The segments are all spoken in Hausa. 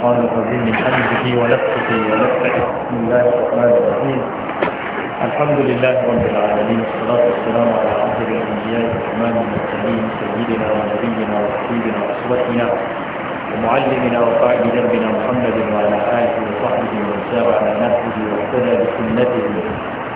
الشيطان الرجيم من حمده ونفسه ونفسه بسم الله الرحمن الرحيم الحمد لله رب العالمين والصلاة والسلام على أفضل الأنبياء والإمام المرسلين سيدنا ونبينا وحبيبنا وأسوتنا ومعلمنا وقائد دربنا محمد وعلى آله وصحبه ومن سار على نهجه واهتدى بسنته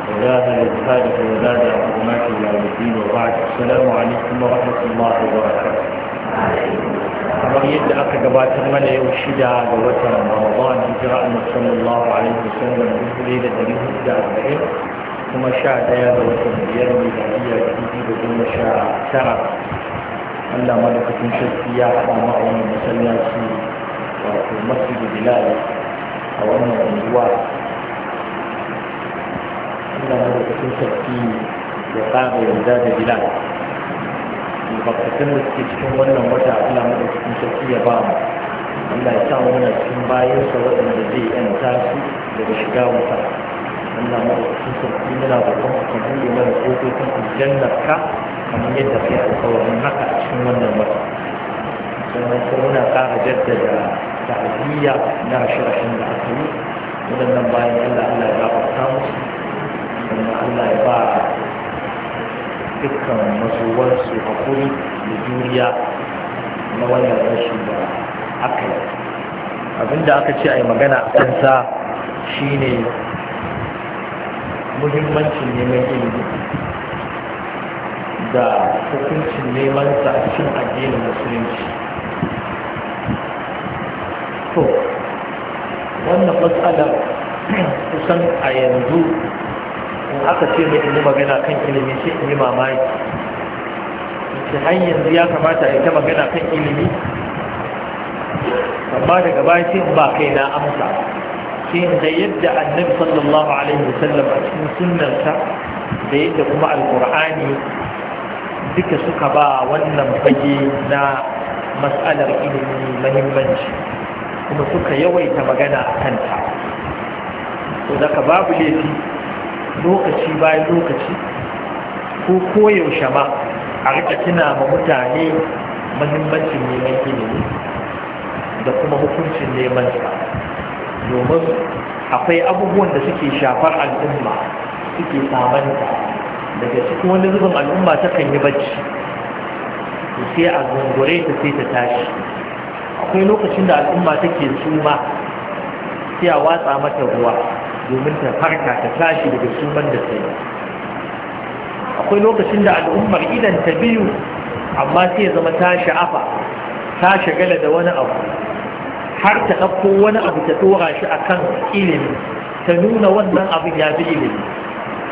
وجاهد جهاده وزاد حرماته يوم الدين وبعد السلام عليكم ورحمة الله وبركاته. kamar yadda aka gabatar mana yau shida ga watan Ramadan hijira Annabi sallallahu alaihi wasallam dubu da dari da arba'in kuma sha daya ga watan biyar miladiya dubu da goma sha tara Allah madaukakin sarki ya haɗa mu a wani masallaci wato masjidu bilal a wannan unguwa Allah madaukakin sarki ya ƙara yarda da bilal albarkatun da suke cikin wannan wata ala mu cikin sarki ya ba mu Allah ya sa mana cikin bayansa waɗanda zai yanta su daga shiga wuta Allah mu cikin sarki muna ka buɗe mana kofofin aljannar ka kamar yadda kai alƙawarin haka a cikin wannan wata sannan sai muna ƙara jaddada ta'aziyya na rashin da aka yi waɗannan bayan Allah Allah ya gafarta musu sannan Allah ya ba dukkan a hakuri da juriya na wannan rashin da aka yi abinda aka ce a yi magana a kansa shine muhimmancin neman ilimi da hukuncin neman sa a cikin addinin musulunci to wannan matsalar kusan a yanzu aka ce mai yi magana kan ilimi shi in yi mamaki ta hanyar ya kamata ita magana kan ilimi amma daga baya sai in ba kai na amsa shi da yadda annabi sallallahu alaihi wasallam a cikin sunanta, da yadda kuma alkur'ani duka suka ba wannan fage na mas'alar ilimi mahimmanci kuma suka yawaita magana a kanta to daga babu laifi lokaci bayan lokaci ko koyaushe ma a rika tuna ma mutane mahimmancin neman ilimi da kuma hukuncin neman sa domin akwai abubuwan da suke shafar al'umma suke samanta daga cikin wani zubin al'umma ta kan yi bacci sai a zungure ta sai ta tashi akwai lokacin da al'umma take suma sai a watsa mata ruwa domin ta farka ta tashi daga suman da ta yi akwai lokacin da al'ummar idan ta biyu amma sai zama ta sha'afa ta shagala da wani abu har ta ɗauko wani abu ta tora shi a kan ilimi ta nuna wannan abin ya fi ilimi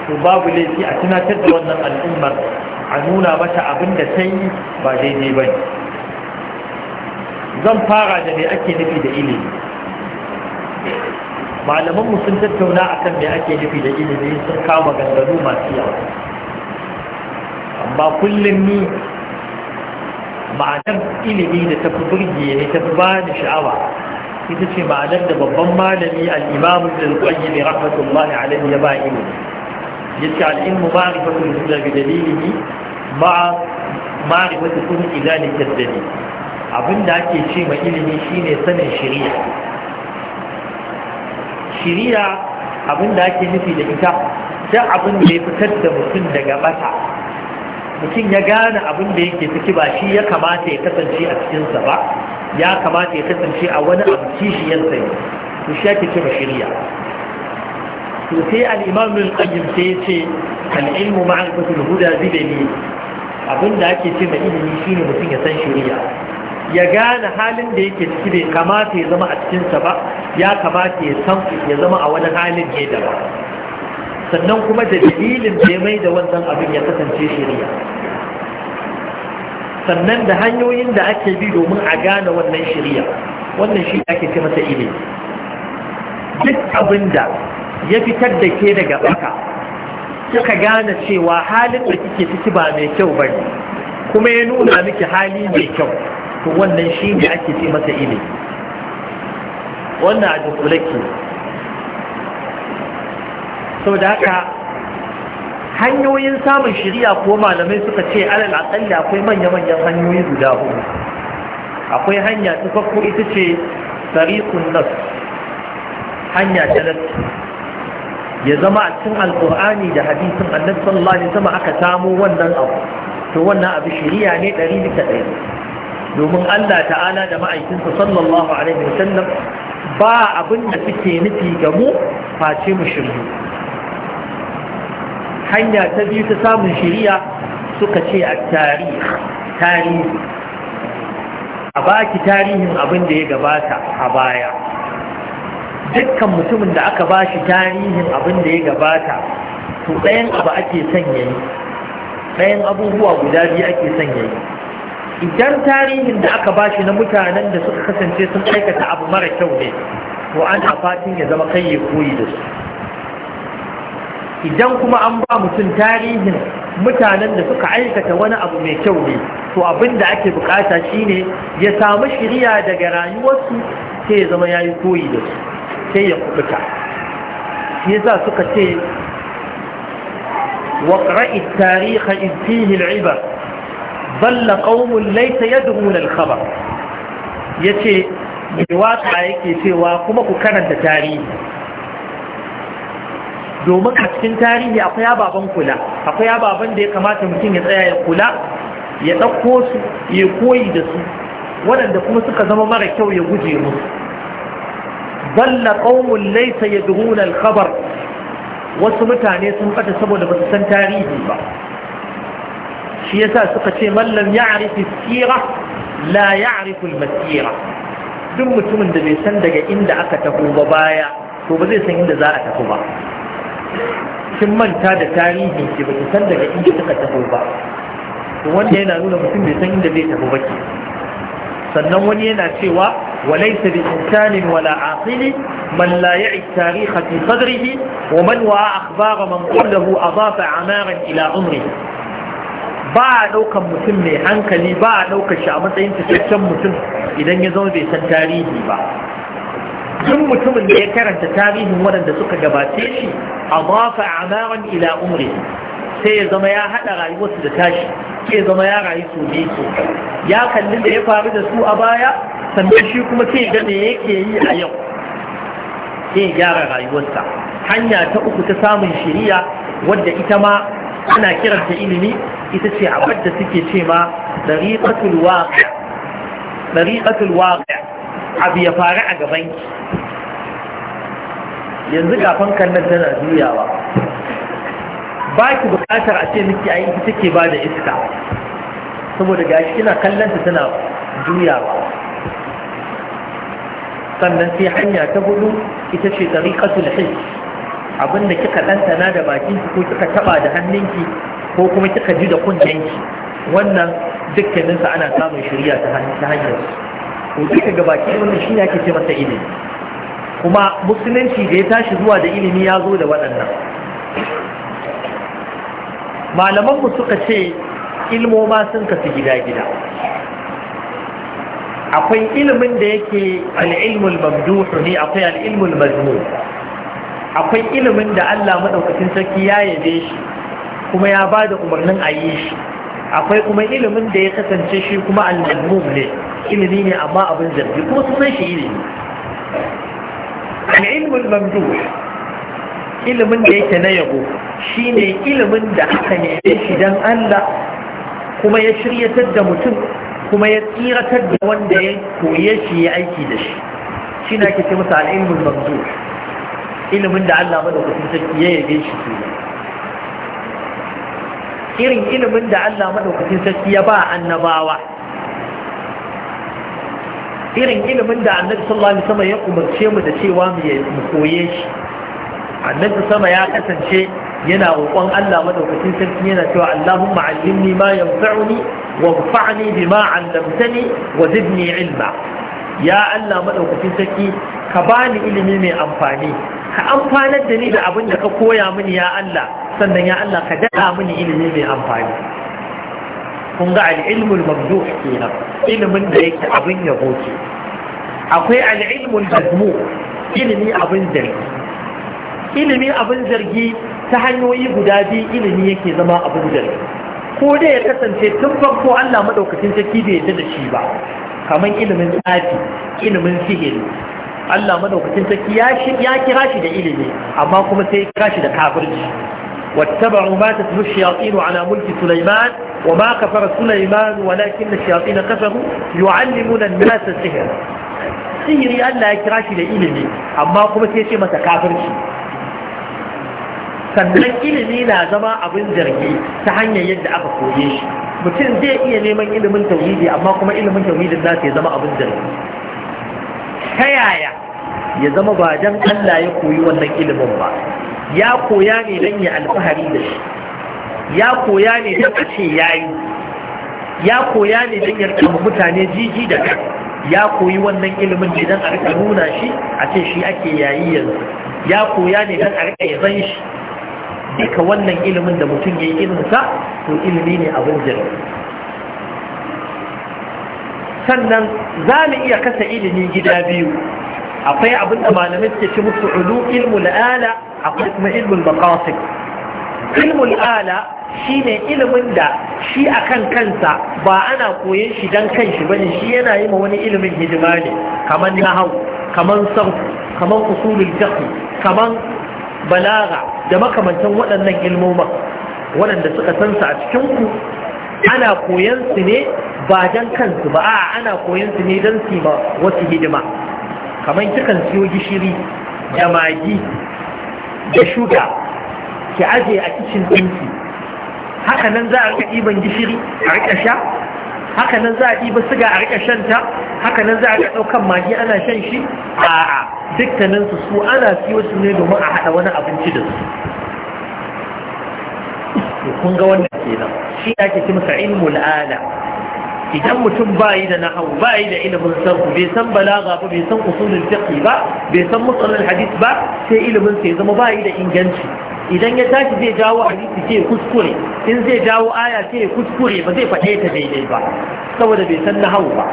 to babu laifi a tunatar da wannan al'ummar a nuna mata abin da ta yi ba daidai ba ne zan fara da mai ake nufi da ilimi malaman mu sun tattauna kan me ake nufi da ilimi sun kama ganganu masu yawa amma kullum ni ma'anar ilimi da ta fi burge ne ta fi ba sha'awa ita ce ma'anar da babban malami al'imamu da alƙwayi ne rahmatullahi alaihi ya ba ilimi ya ce al'ilmu ma'arifatul huda bi dalilihi ma ma'arifatu kun ila kaddani abin da ake ce ma ilimi shine sanin shari'a shiriya abinda ake nufi da ita sai abin da ya fitar da mutum daga bata mutum ya gane abin da yake ciki ba shi ya kamata ya kasance a cikinsa ba ya kamata ya kasance a wani abu kishiyarsa ne to shi ake cewa shiriya to sai al-imam ibn qayyim sai ya ce al-ilmu ma'rifatul huda bidani abin da ake cewa ilimi shine mutum ya san shiriya ya gane halin da yake ciki bai kamata ya zama a cikinsa ba ya kamata ya san ya zama a wani halin ne da ba sannan kuma da dalilin da mai da wannan abin ya kasance shari'a sannan da hanyoyin da ake bi domin a gane wannan shari'a wannan shi ake ce masa ilimi duk abin da ya fitar da ke daga baka kuka gane cewa halin da kike ciki ba mai kyau bane kuma ya nuna miki hali mai kyau to wannan shi ne ake ce masa ilimi wannan a dukulake sau da haka hanyoyin samun shirya ko malamai suka ce alal akalli akwai manya-manyan hanyoyi guda hudu akwai hanya ta farko ita ce tsarikun nas hanya ta ya zama a cikin alkur'ani da hadisin annabi sallallahu alaihi wasallam aka samu wannan abu to wannan abu shiriya ne ɗari bisa ɗari domin Allah ta'ala da ma'aikinsa sallallahu alaihi wasallam ba abin da suke nufi ga mu face mu shiryu hanya ta biyu ta samun shirya suka ce a tarihi a baki tarihin abin ya gabata a baya dukkan mutumin da aka bashi tarihin abin ya gabata to ɗayan abu ake son yayi ɗayan abubuwa guda biyu ake son yayi idan tarihin da aka bashi na mutanen da suka kasance sun aikata abu mara kyau ne to an fatin ya zama kai ya koyi da su idan kuma an ba mutum tarihin mutanen da suka aikata wani abu mai kyau ne to abin da ake bukata shine ya samu shirya daga rayuwarsu sai ya zama ya yi koyi da su sai ya kubuta shi yasa suka ce waƙra'i tarihi in fihi al'ibar balla qaumun laysa yad'un al ya yace mai waka yake cewa kuma ku karanta tarihi domin a cikin tarihi akwai ababen kula akwai ababen da ya kamata mutum ya tsaya ya kula ya ɗauko su ya koyi da su waɗanda kuma suka zama mara kyau ya guje musu balla qaumun laysa yad'un al-khabar wasu mutane sun fata saboda ba su san tarihi ba shi yasa suka ce mallam ya arifi sira la ya arifin masira duk mutumin da bai san daga inda aka tafi ba baya to ba zai san inda za a tafi ba kin manta da tarihin ki ba ki san daga inda suka taho ba to wanda yana nuna mutum bai san inda zai tafi ba ke sannan wani yana cewa walaysa bi insanin wala aqili man la ya'i tarikha fi sadrihi wa man wa'a akhbara man qablahu adafa amaran ila umrihi ba a ɗaukan mutum mai hankali ba a ɗaukar shi a matsayin cikakken mutum idan ya zama bai san tarihi ba duk mutumin da ya karanta tarihin waɗanda suka gabace shi a mafa amaran ila umri sai ya zama ya haɗa rayuwarsu da tashi sai ya zama ya rayu su biyu su ya kalli da ya faru da su a baya sannan shi kuma sai ga me yake yi a yau sai ya gyara rayuwarsa hanya ta uku ta samun shiriya wadda ita ma ana kiranta ilimi ita ce abin da suke ce ma dariqatul waqi abu ya faru a gaban ki yanzu gafan kallon tana juyawa ba ki bukatar a ce miki ai ita take ba da iska saboda gashi kina kallon tana juyawa sannan sai hanya ta hudu ita ce dariqatul hijj abinda kika ɗantana da bakinki ko kika taba da hannunki ko kuma kika ji da kunyanki, wannan dukkaninsa ana samun shirya ta hanyar ko kika ga bakin wannan shi ne ake ce masa ilimi kuma musulunci da ya tashi zuwa da ilimi ya zo da waɗannan malaman mu suka ce ilmo ma sun kasu gida-gida akwai ilimin da yake al'ilmul mamduhu ne akwai al ilmul mazmum akwai ilimin da Allah maɗaukacin sarki ya yabe shi kuma ya ba da umarnin a yi shi akwai kuma ilimin da ya kasance shi kuma al-mazmum ne ilimi ne amma abin zargi kuma san shi ilimi al ilimin mamdu ilimin da yake na yabo shine ilimin da aka ne shi dan Allah kuma ya shiryatar da mutum kuma ya tsiratar da wanda ya koye shi ya aiki da shi shi na ke ce masa al'ilmul mamdu ilimin da Allah madaukakin sarki ya yabe shi ke irin ilimin da Allah madaukakin sarki ya ba annabawa irin ilimin da annabi sallallahu alaihi wasallam ya umarce mu da cewa mu koye shi annabi sama ya kasance yana roƙon Allah madaukakin sarki yana cewa Allahumma allimni ma yanfa'uni wanfa'ni bima 'allamtani wa zidni ilma ya Allah madaukakin sarki ka bani ilimi mai amfani ka amfanar da ni da abin da ka koya mini ya Allah sannan ya Allah ka daɗa mini ilimi mai amfani kun ga al'ilmul mamduh kenan ilimin da yake abin ya goce akwai al'ilmul mazmu ilimi abin zargi ilimi abin zargi ta hanyoyi guda biyu ilimi yake zama abin zargi ko dai ya kasance tun farko Allah madaukakin sarki bai yadda da shi ba kamar ilimin tsafi ilimin sihiri Allah madaukakin saki ya kira shi da ilimi amma kuma sai ya kira shi da kafirci wattaba'u ma tatlu shayatin ala mulki sulaiman wa ma kafara sulaiman walakin ash-shayatin kafaru yu'allimuna an-nas sihr sihiri Allah ya kira shi da ilimi amma kuma sai ya ce masa kafirci sannan ilimi na zama abin jirgi ta hanyar yadda aka koye shi mutum zai iya neman ilimin tauhidi amma kuma ilimin tauhidin za su zama abin jirgi ta yaya ya zama ba don Allah ya koyi wannan ilimin ba ya koya ne don ya alfahari da shi ya koya ne don a ce ya yi. ya koya ne don ya rika mutane jiji da kai ya koyi wannan ilimin ne don a rika nuna shi a ce shi ake yayi yanzu ya koya ne don a rika yaban shi duka wannan ilimin da mutum ya yi ilimin sa to ilimi ne abin jirgin sannan za mu iya kasa ilimi gida biyu akwai abin da malamai suke ci musu ulu ilmul ala akwai kuma ilmul baqasid ilmul shine ilimin da shi akan kansa ba ana koyon shi dan ba bane shi yana yi ma wani ilimin hidima ne kamar nahau kamar sarf kamar usulul fiqh kamar balaga da makamantan waɗannan ilmomin waɗanda suka san su a cikin ku ana koyan su ne ba don kansu ba a ana koyan su ne don su ba wasu hidima kamar kikan siyo gishiri da magi da shuka ki aje a kicin dinki haka nan za a rika ɗiban gishiri a rika sha haka nan za a ɗiba siga a rika shanta haka nan za a rika daukan magi ana shan shi a'a dukkaninsu su ana siyo su ne domin a haɗa wani abinci da su kun ga wannan kenan shi ake ce masa ilmu ala idan mutum bayi da nahawu bayi da ilimin sarku bai san balaga ba bai san usulul fiqh ba bai san matsalar hadith ba sai ilimin ya zama bayi da inganci idan ya tashi zai jawo hadisi sai kuskure in zai jawo aya sai kuskure ba zai faɗe ta daidai ba saboda bai san nahawu ba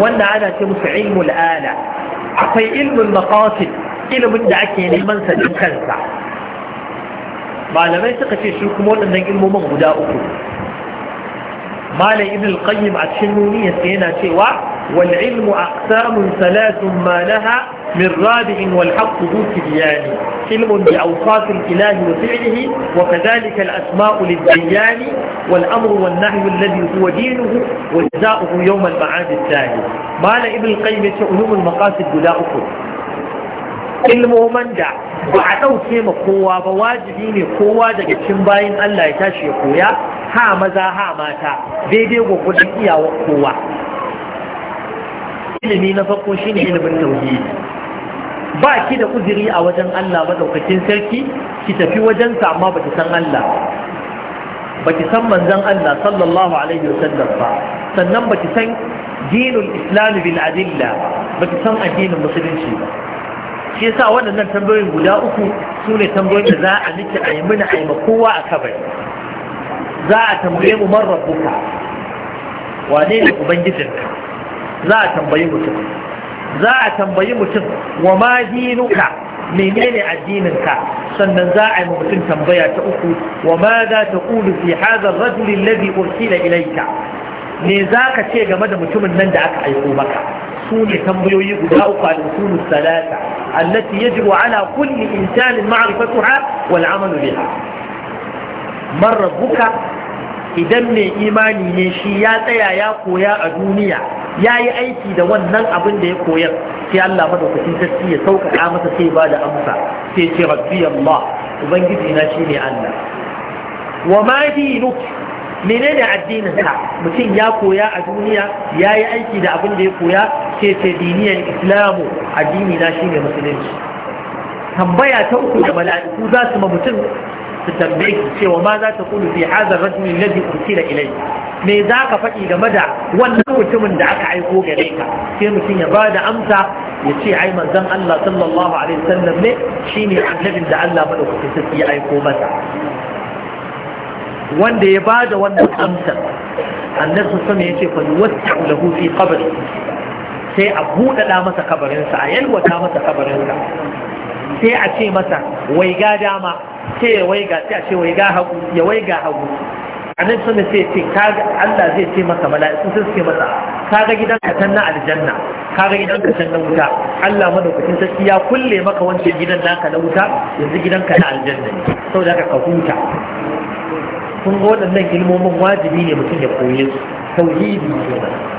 wannan ana ce musu ilmul ala akwai ilmul maqasid ilimin da ake neman sa kansa malamai suka ce shi kuma waɗannan ilmomin guda uku malai ibn al-qayyim a cikin nuniyar sa yana cewa wal ilmu aqsamun salatun ma laha min rabi'in wal haqqu bi tibyani ilmu bi awsaf al-ilah wa fi'lihi wa kadhalika al-asma'u lid-diyan wal amru wan nahyu alladhi huwa dinuhu wa jazaa'uhu yawm al-ma'ad al-thani malai ibn al-qayyim ya ce ulumul maqasid guda uku ilmomin da ba a ɗauke ma kowa ba wajibi ne kowa daga cikin bayan Allah ya tashi ya koya ha maza ha mata daidai gwagwadon iyawar kowa ilimi na farko shine ilimin tauhidi ba ki da kuziri a wajen Allah daukakin sarki ki tafi wajen sa amma ba san Allah ba san manzon Allah sallallahu alaihi wasallam ba sannan ba san dinul islam bil adilla baki san addinin musulunci ba shi sa waɗannan tambayoyin guda uku su ne tambayoyin da za a nake a yi muna aima kowa a kabari za a tambaye mu man rabbuka wane ne ubangijinka za a tambayi mutum za a tambayi mutum wa ma dinuka menene addininka sannan za a yi mutum tambaya ta uku wa ma za ta kulu fi hadha ar-rajul alladhi ursila ilayka me za ka ce game da mutumin nan da aka aiko maka ne tambayoyi guda uku al-usul salata allati yajibu ala kulli insanin ma'rifatuha wal amalu biha man rabbuka idan mai imani ne shi ya tsaya ya koya a duniya ya yi aiki da wannan abin da ya koyar sai Allah madaukakin sarki ya sauƙaƙa masa sai ba da amsa sai ce rabbi Allah ubangiji na shine Allah wa ma dinuk menene addinin ka? mutum ya koya a duniya ya yi aiki da abin da ya koya ce ce diniyar islamu addini na shi ne musulunci tambaya ta uku da mala'iku za su ma mutum su tambaye ki cewa ma za ta kulu fi hazar rajulin ladhi ursila ilayhi me za ka faɗi game da wannan mutumin da aka aiko gare ka sai mutum ya ba da amsa ya ce ai manzon Allah sallallahu alaihi wasallam ne Shi ne annabin da Allah madaukakin sarki ya aiko masa wanda ya ba da wannan amsa annabi sun alaihi ya ce fa wasa'u lahu fi qabri sai a buɗaɗa masa kabarinsa a yalwata masa kabarinsa sai a ce masa waiga dama sai ya waiga sai a ce waiga hagu ya waiga hagu a nan sun sai ce kaga Allah zai ce masa mala'iku sun ce masa kaga gidan ka can na aljanna kaga gidan ka can na wuta Allah madaukakin sarki ya kulle maka wancan gidan naka na wuta yanzu gidan ka na aljanna ne saboda haka ka huta kun ga waɗannan ilmomin wajibi ne mutum ya koye su tauhidi kenan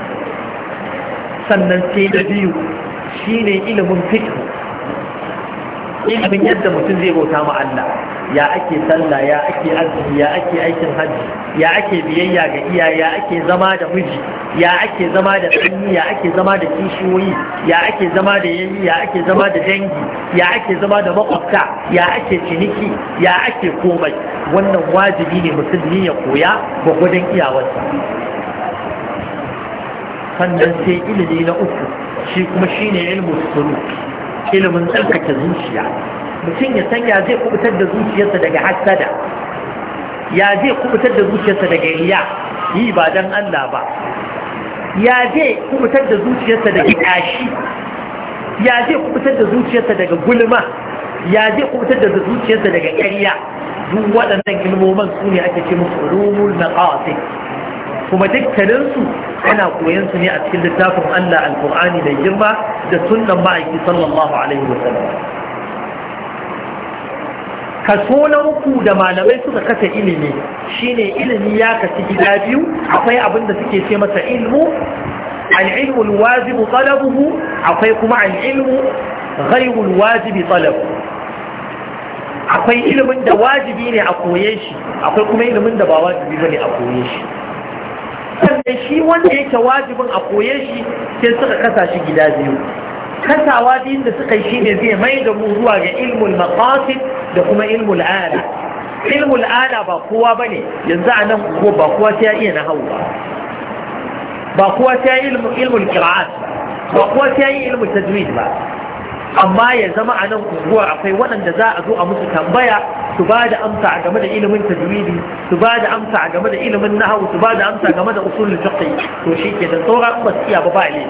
sannan sai biyu shine ilimin fiqh ilimin yadda mutum zai bauta ma Allah ya ake sallah ya ake azumi ya ake aikin hajji ya ake biyayya ga iya, ya ake zama da miji ya ake zama da tsanni ya ake zama da kishiyoyi ya ake zama da yayi ya ake zama da dangi ya ake zama da makwabta ya ake ciniki ya ake komai wannan wajibi ne musulmi ya koya gwagwadon iyawarsa sannan sai ilimi na uku shi kuma shi ne ilmu suru, ilimin tsarkake zuciya mutum ya san ya zai kubutar da zuciyarsa daga hasada ya zai kubutar da zuciyarsa daga riya yi ba don Allah ba ya zai kubutar da zuciyarsa daga kashi ya zai kubutar da zuciyarsa daga gulma ya zai kubutar da zuciyarsa daga ƙarya duk waɗannan ilmoman su ne ake ce musu ulumul maqasid kuma dukkaninsu ana koyan su ne a cikin littafin Allah alkur'ani da girma da sunan ma'aiki sallallahu alaihi wa sallam kaso na uku da malamai suka kasa ilimi shine ilimi ya kasu gida biyu akwai abin da suke ce masa ilmu al'ilmu alwajibu talabuhu akwai kuma al'ilmu ghairu wajibi talabuhu akwai ilimin da wajibi ne a koye shi akwai kuma ilimin da ba wajibi bane a koye shi sannan shi wanda yake wajibin a koye shi sai suka kasa shi gida biyu kasawa biyun da suka yi shine zai mai da mu zuwa ga ilmul maqasid da kuma ilmul ala ilmul ala ba kowa bane yanzu anan ko ba kowa sai ya iya na hawa ba kowa sai ya ilmul qira'at ba kowa sai ya ilmul tajwid ba amma ya zama a nan unguwar akwai waɗanda za a zo a musu tambaya su ba da amsa a game da ilimin tajwidi su ba da amsa a game da ilimin nahawu su ba da amsa game da usulul fiqh to shi ke da sauran ba su iya ba ba ne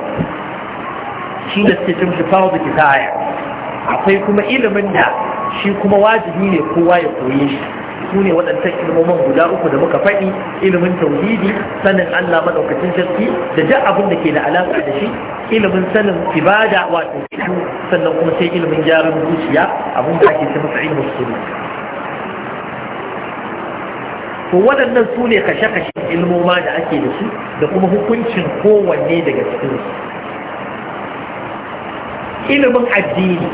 shi da suke cin shi fawo kitaya akwai kuma ilimin da shi kuma wajibi ne kowa ya koye shi su ne waɗancan ilmomin guda uku da muka faɗi ilimin tauhidi sanin Allah maɗaukacin sarki da duk abin da ke da alaƙa da shi ilimin sanin ibada wato sannan kuma sai ilimin gyaran zuciya abin da ake ce masa ilmin to waɗannan su ne kashe-kashe ilmoma da ake da su da kuma hukuncin kowanne daga cikinsu ilimin addini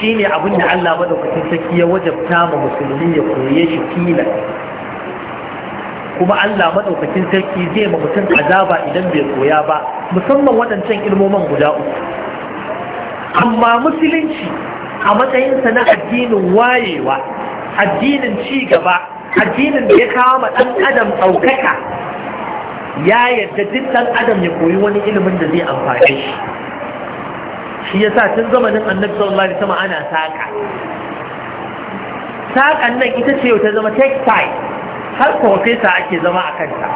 shi ne abin da Allah maɗaukacin sarki ya wajabta ma musulmi ya koye shi tilas kuma Allah maɗaukacin sarki zai ma mutum azaba idan bai koya ba musamman waɗancan ilmoman guda uku amma musulunci a matsayinsa na addinin wayewa addinin ci gaba addinin da ya kawo ma ɗan adam ɗaukaka ya yarda duk ɗan adam ya koyi wani ilimin da zai amfane shi shi yasa tun zamanin annabi sallallahu alaihi wasallam ana saka sakan nan ita ce ta zama textile har profesa ake zama a kanta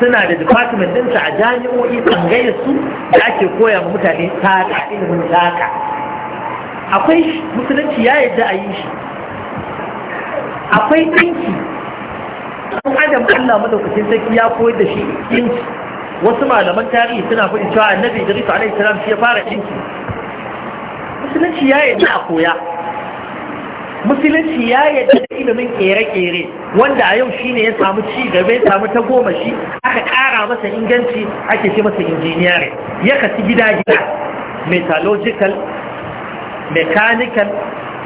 suna da department ɗinsa a jami'o'i tsangaye su da ake koya ma mutane saka ilimin saka akwai musulunci ya yadda a yi shi akwai ɗinki ɗan adam allah madaukakin sarki ya koyar da shi ɗinki wasu malaman tarihi suna faɗi cewa annabi idris alaihi salam shi ya fara ɗinki musulunci ya yadda a koya musulunci ya yadda da ilimin kere-kere wanda a yau shi ne ya samu ci gaba ya samu ta goma shi aka ƙara masa inganci ake ce masa injiniyare ya kasi gida-gida metallurgical mechanical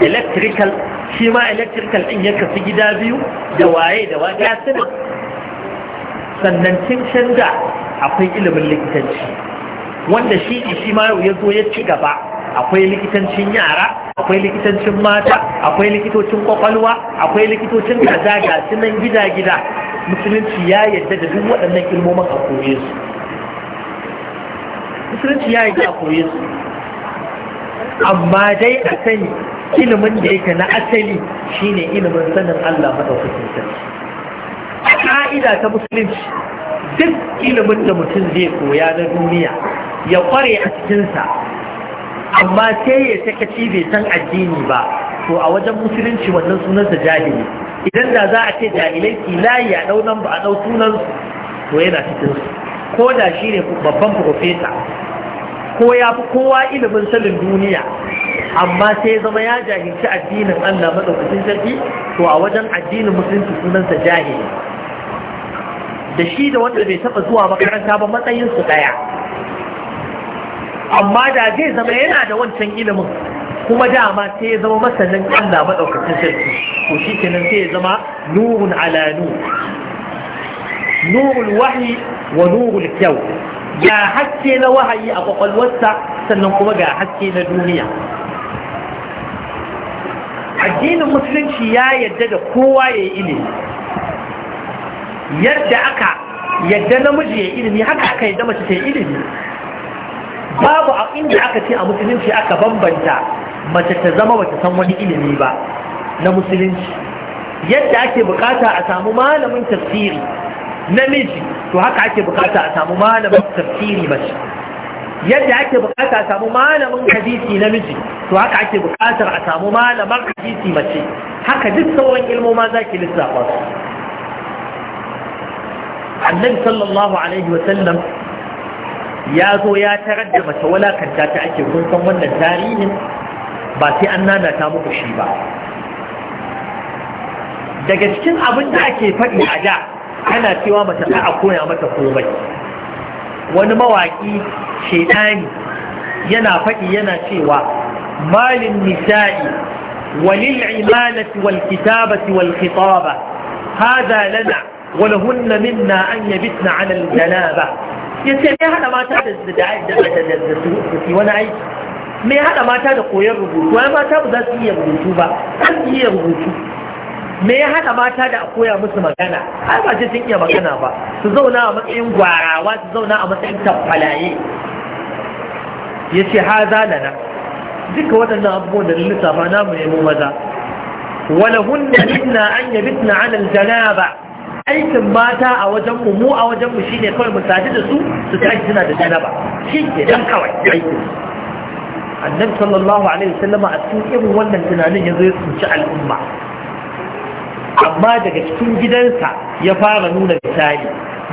electrical shi ma electrical ɗin ya kasi gida biyu da waye da waye ya sannan cin canza akwai ilimin likitanci wanda shi shi ma ya zo ya ci gaba akwai likitancin yara akwai likitancin mata akwai likitocin kwakwalwa akwai likitocin kaza ga nan gida gida musulunci ya yadda da duk waɗannan ilmomin a koye su musulunci ya yadda a koye su amma dai a sani ilimin da yake na asali shine ilimin sanin Allah madaukakin sarki a ka'ida ta musulunci duk ilimin da mutum zai koya na duniya ya kware a cikinsa amma sai ya sakaci bai san addini ba to a wajen musulunci wannan sunan da jahili idan da za a ce jahilai kilayi a ɗau nan ba a dau sunan to yana cikin su ko da shi ne babban profesa ko ya fi kowa ilimin salin duniya amma sai ya zama ya jahilci addinin Allah madaukakin sarki to a wajen addinin musulunci sunansa jahili da shi da wanda bai taɓa zuwa makaranta ba matsayin su ɗaya amma da zai zama yana da wancan ilimin kuma dama sai ya zama masanin Allah maɗaukacin sarki Ko shi kenan sai ya zama nurun ala nur nurul wahyi wa nurul kyau ya haske na wahayi a kwakwalwarsa sannan kuma ga haske na duniya addinin musulunci ya yadda da kowa ya yi ilimi yadda aka yadda namiji ya ilimi haka aka yadda mace ta ilimi babu a inda aka ce a musulunci aka bambanta mace ta zama bata san wani ilimi ba na musulunci yadda ake bukata a samu malamin tafsiri namiji to haka ake bukata a samu malamin tafsiri mace yadda ake bukata a samu malamin hadisi namiji to haka ake bukatar a samu malaman hadisi mace haka duk sauran ilmoma zaki lissafa su annabi sallallahu alaihi wa ya zo ya tarar da mace walakanta ta ake kun wannan tarihin ba sai an nana ta muku shi ba daga cikin abin da ake faɗi a da ana cewa mace ta a koya mata komai wani mawaƙi shaitani yana faɗi yana cewa malin nisa'i walil imanati wal kitabati wal khitaba hada lana ولهن منا أن يبتن على الجنابة yace me hada mata da da da da su wani aiki me hada mata da koyon rubutu ai mata ba za su iya rubutu ba su iya rubutu me ya hada mata da a koya musu magana ai ba ce sun iya magana ba su zauna a matsayin gwarawa su zauna a matsayin tafalaye yace haza lana duka maza ولهن منا أن يبتن على الجنابة aikin mata a wajen mu a wajen mu shine kawai mu sadu da su su tashi suna da janaba shi ke dan kawai aikin annabi sallallahu alaihi wasallam a cikin irin wannan tunanin yazo ya tsinci al'umma amma daga cikin gidansa ya fara nuna misali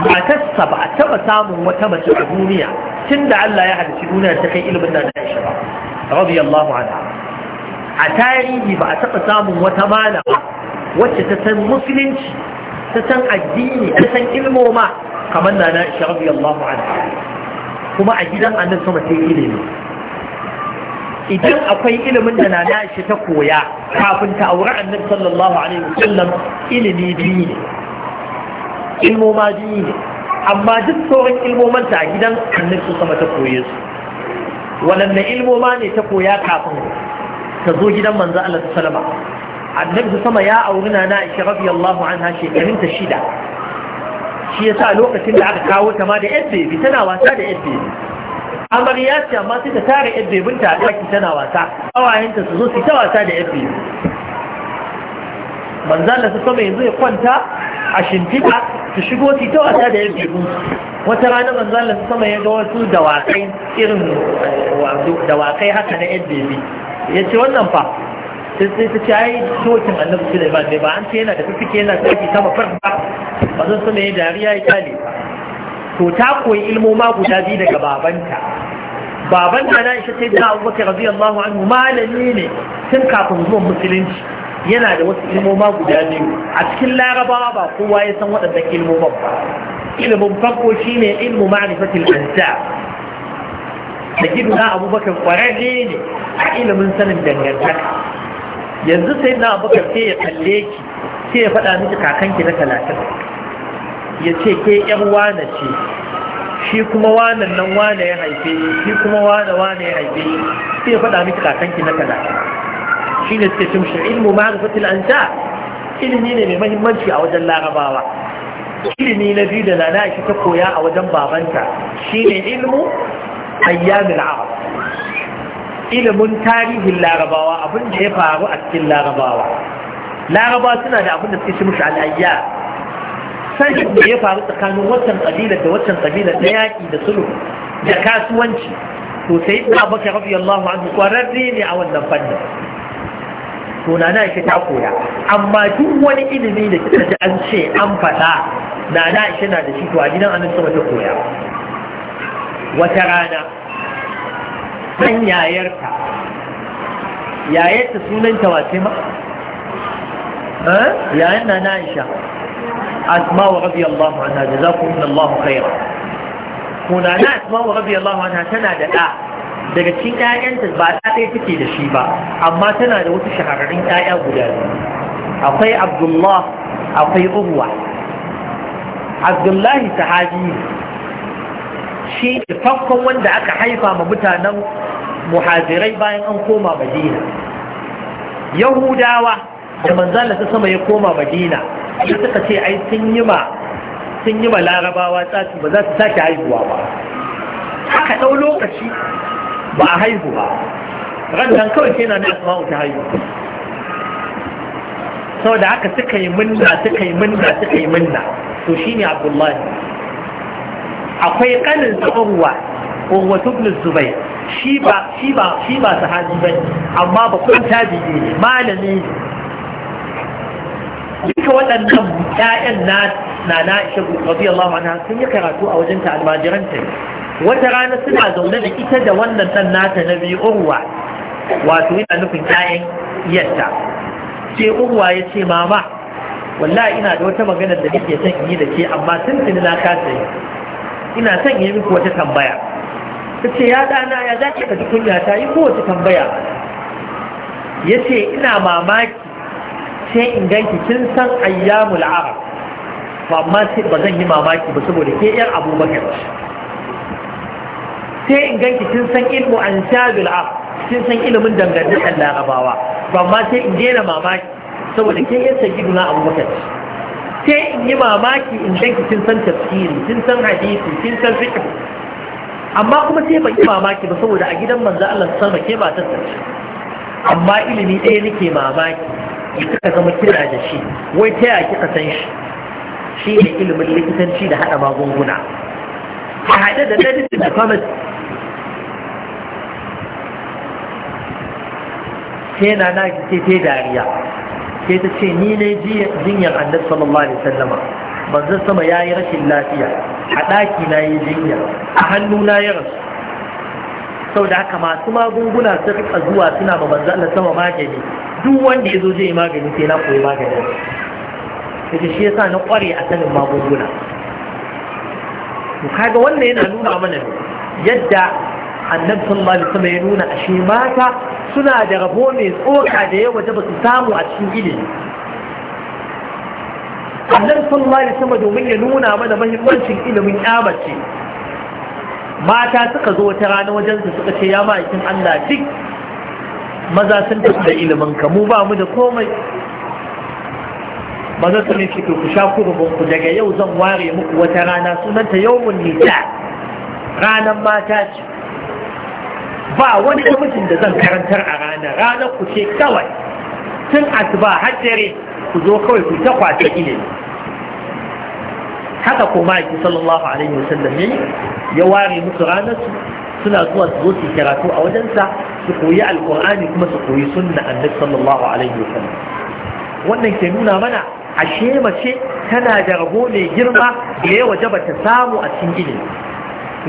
matarsa ba a taba samun wata mace a duniya tun da Allah ya halicci duniya ta kai ilimin da na shi ba radiyallahu anha a tarihi ba a taba samun wata malama wacce ta san musulunci ta san addini ta san ilmoma kamar Nana na isha rabi Allah kuma a gidan annan sama ta yi ilimi idan akwai ilimin da Nana na ta koya kafin ta aure annan sallallahu alaihi wasallam ilimi biyu ne ilmoma biyu ne amma duk sauran ilmomanta a gidan annan sama ta koye su waɗanne ilmoma ne ta koya kafin ta zo gidan manzo Allah sallama annabi sama ya auri na na ishe rabi Allahu anha shekarun ta shida shi yasa lokacin da aka kawo ta ma da yan bebi tana wasa da yan bebi amarya ce amma sai ta tara yan bebin ta daki tana wasa kawayenta su zo su ta wasa da yan bebi manzan da su sama yanzu ya kwanta a shimfiɗa su shigo su ta wasa da yan bebin wata rana manzan da su sama ya ga wasu dawakai irin eh, dawakai haka na yan bebi ya ce wannan fa sai sai ta ce ai tokin annabi Sulaiman ne ba an ce yana da fifike yana tafi sama far. ba zan sama ya dariya ya kyale to ta koyi ma guda biyu daga babanta babanta na isha sai da abubakar radiyallahu anhu malami ne tun kafin zuwan musulunci yana da wasu ma guda biyu a cikin larabawa ba kowa ya san waɗannan ilmo ba ilimin farko shine ilmu ma'rifatil ansa da gidu na abubakar kwararre ne a ilimin sanin dangantaka yanzu sai na abu sai ya kalle ki sai ya faɗa miki kakanki na talatin ya ce ke yan wane ce shi kuma wane nan wane ya haife shi kuma wane wane ya haife sai ya faɗa miki kakanki na talatin shi ne suke cimshi ilmu an anta ilimi ne mai mahimmanci a wajen larabawa ilimi na biyu da nana shi ta koya a wajen babanta shi ne ilmu ayyamin arab ilimin tarihin larabawa abin da ya faru a cikin larabawa larabawa suna da abin da suke shi musu al'ayya sanin da ya faru tsakanin watan ƙabilar da watan ƙabilar na yaƙi da sulhu da kasuwanci to sai ibn abubakar radiyallahu anhu kwararre ne a wannan fannin to na na ta koya amma duk wani ilimi da kika ji an ce an faɗa na na na da shi to a gidan annabi ta koya wata rana san yayarka yayarta sunanta wace ma eh? yayan na na'isha asma wa rabi Allah anha da za ku inna Allah khaira kuna na asma wa rabi Allah anha tana da ɗa daga cikin ƴaƴanta ba ta ɗaya take da shi ba amma tana da wasu shahararrun ƴaƴa guda biyu akwai Abdullah akwai Uwa. Abdullahi sahabi shi farkon wanda aka haifa ma mutanen muhazirai bayan an koma madina yahudawa da manzala ta sama ya koma madina da suka ce ai sun yi ma larabawa tsafi ba za su sake haihuwa ba aka ɗau lokaci ba a haihu ba rannan kawai sai na asma'u ta haihu sau da haka suka yi minna suka yi minna suka yi minna to shi ne abdullahi akwai kanin sa urwa urwa ibn zubair shi ba shi ba ba sahabi amma ba kun tabi'i ne malami duka waɗannan 'ya'yan na na na Aisha sun yi karatu a wajen ta almajiranta wata rana suna zaune da ita da wannan dan nata na biyu urwa wato yana nufin yayan iyarta sai urwa ya ce mama wallahi ina da wata magana da nake son yi da ke amma tun tuni na kasa yi ina son yi muku wata tambaya ta ce ya ɗana ya za ka ji kunya ta yi kowace tambaya ya ce ina mamaki sai in ganki kin san ayyamu la'ara. ba amma sai ba zan yi mamaki ba saboda ke yar abubakar sai in ganki kin san ilmu an shabil arab kin san ilimin dangantakar larabawa ba amma sai in daina mamaki saboda ke yar na abubakar sai in yi mamaki in ganki kin san tafsiri kin san hadisi kin san fiqh amma kuma sai ban yi mamaki ba saboda a gidan manzo Allah sama ke ba ta tsaci amma ilimi ɗaya nake mamaki kika zama kira da shi wai ta yaya kika san shi shi ne ilimin likitanci da haɗa magunguna a haɗe da medicine da pharmacy sai na na ce dariya sai ta ce ni ne jinyar annabi sallallahu alaihi wasallam manzon sama yayi rashin lafiya a daki na yi jinya a hannu na ya rasu da haka masu magunguna sun rika zuwa suna ma manzon Allah sama magani duk wanda ya zo zai yi magani sai na koyi magani da shi yasa na kware a sanin magunguna to kaga wannan yana nuna mana yadda annabi sallallahu alaihi ya nuna ashe mata suna da rabo mai tsoka da yawa da basu samu a cikin ilimi annabi sallallahu alaihi wasallam domin ya nuna mana mahimmancin ilimin mace mata suka zo wata rana wajen su suka ce ya ma'aikin Allah duk maza sun tafi da ilimin ka mu ba mu da komai maza su ne cikin ku sha ku daga yau zan ware muku wata rana sunanta yawmun nisa ranar mata ce ba wani namijin da zan karantar a rana ranar ku ce kawai tun asuba har dare ku zo kawai ku ta kwace ilimi haka kuma yake sallallahu alaihi wasallam yayi ya ware musu ranar su suna zuwa su zo su karatu a wajensa su koyi alkur'ani kuma su koyi sunna annabi sallallahu alaihi wasallam wannan ke nuna mana ashe mace tana da rabo mai girma da ya waje bata samu a cikin ilimi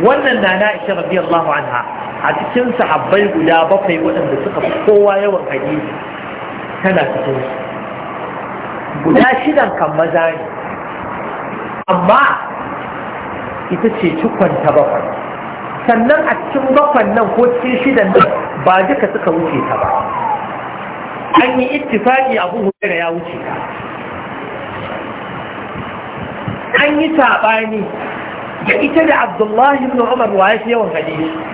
wannan na na isha radiyallahu anha a cikin sahabbai guda bakwai waɗanda suka fi kowa yawan hadisi tana cikin su guda shidan kan maza ne amma ita ce cikonta bakwai sannan a cikin bakwan nan ko cikin shidan nan ba duka suka wuce ta ba an yi ittifaki abu hurera ya wuce ta an yi saɓani da ita da abdullahi ibn umar wa ya fi yawan hadisi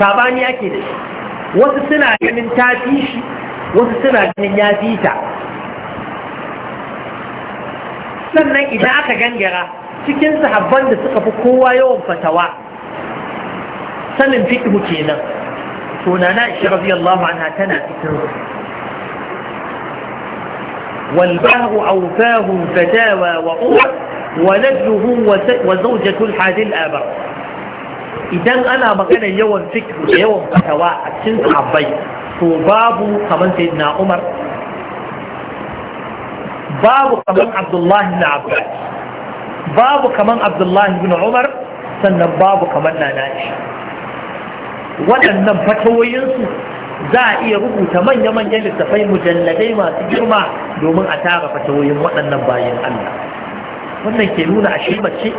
sabani ake da shi wasu suna ganin ta fi shi wasu suna ganin ya fi ta sannan idan aka gangara cikin sahabban da suka fi kowa yawan fatawa sanin fiqhu kenan to nana isha radiyallahu anha tana cikin والبهر أوفاه فتاوى وقوة ونجله وزوجة الحادي الآبر idan ana magana yawan fiqh da yawan fatawa a cikin sahabbai to babu kamar na Umar babu kamar Abdullahi na Abdullahi, babu kamar Abdullahi na Umar sannan babu kamar na nashi waɗannan fatawoyinsu za a iya rubuta manya-manyan littafai mujalladai masu girma domin a tara fatawoyin waɗannan bayan Allah wannan ke nuna a shi mace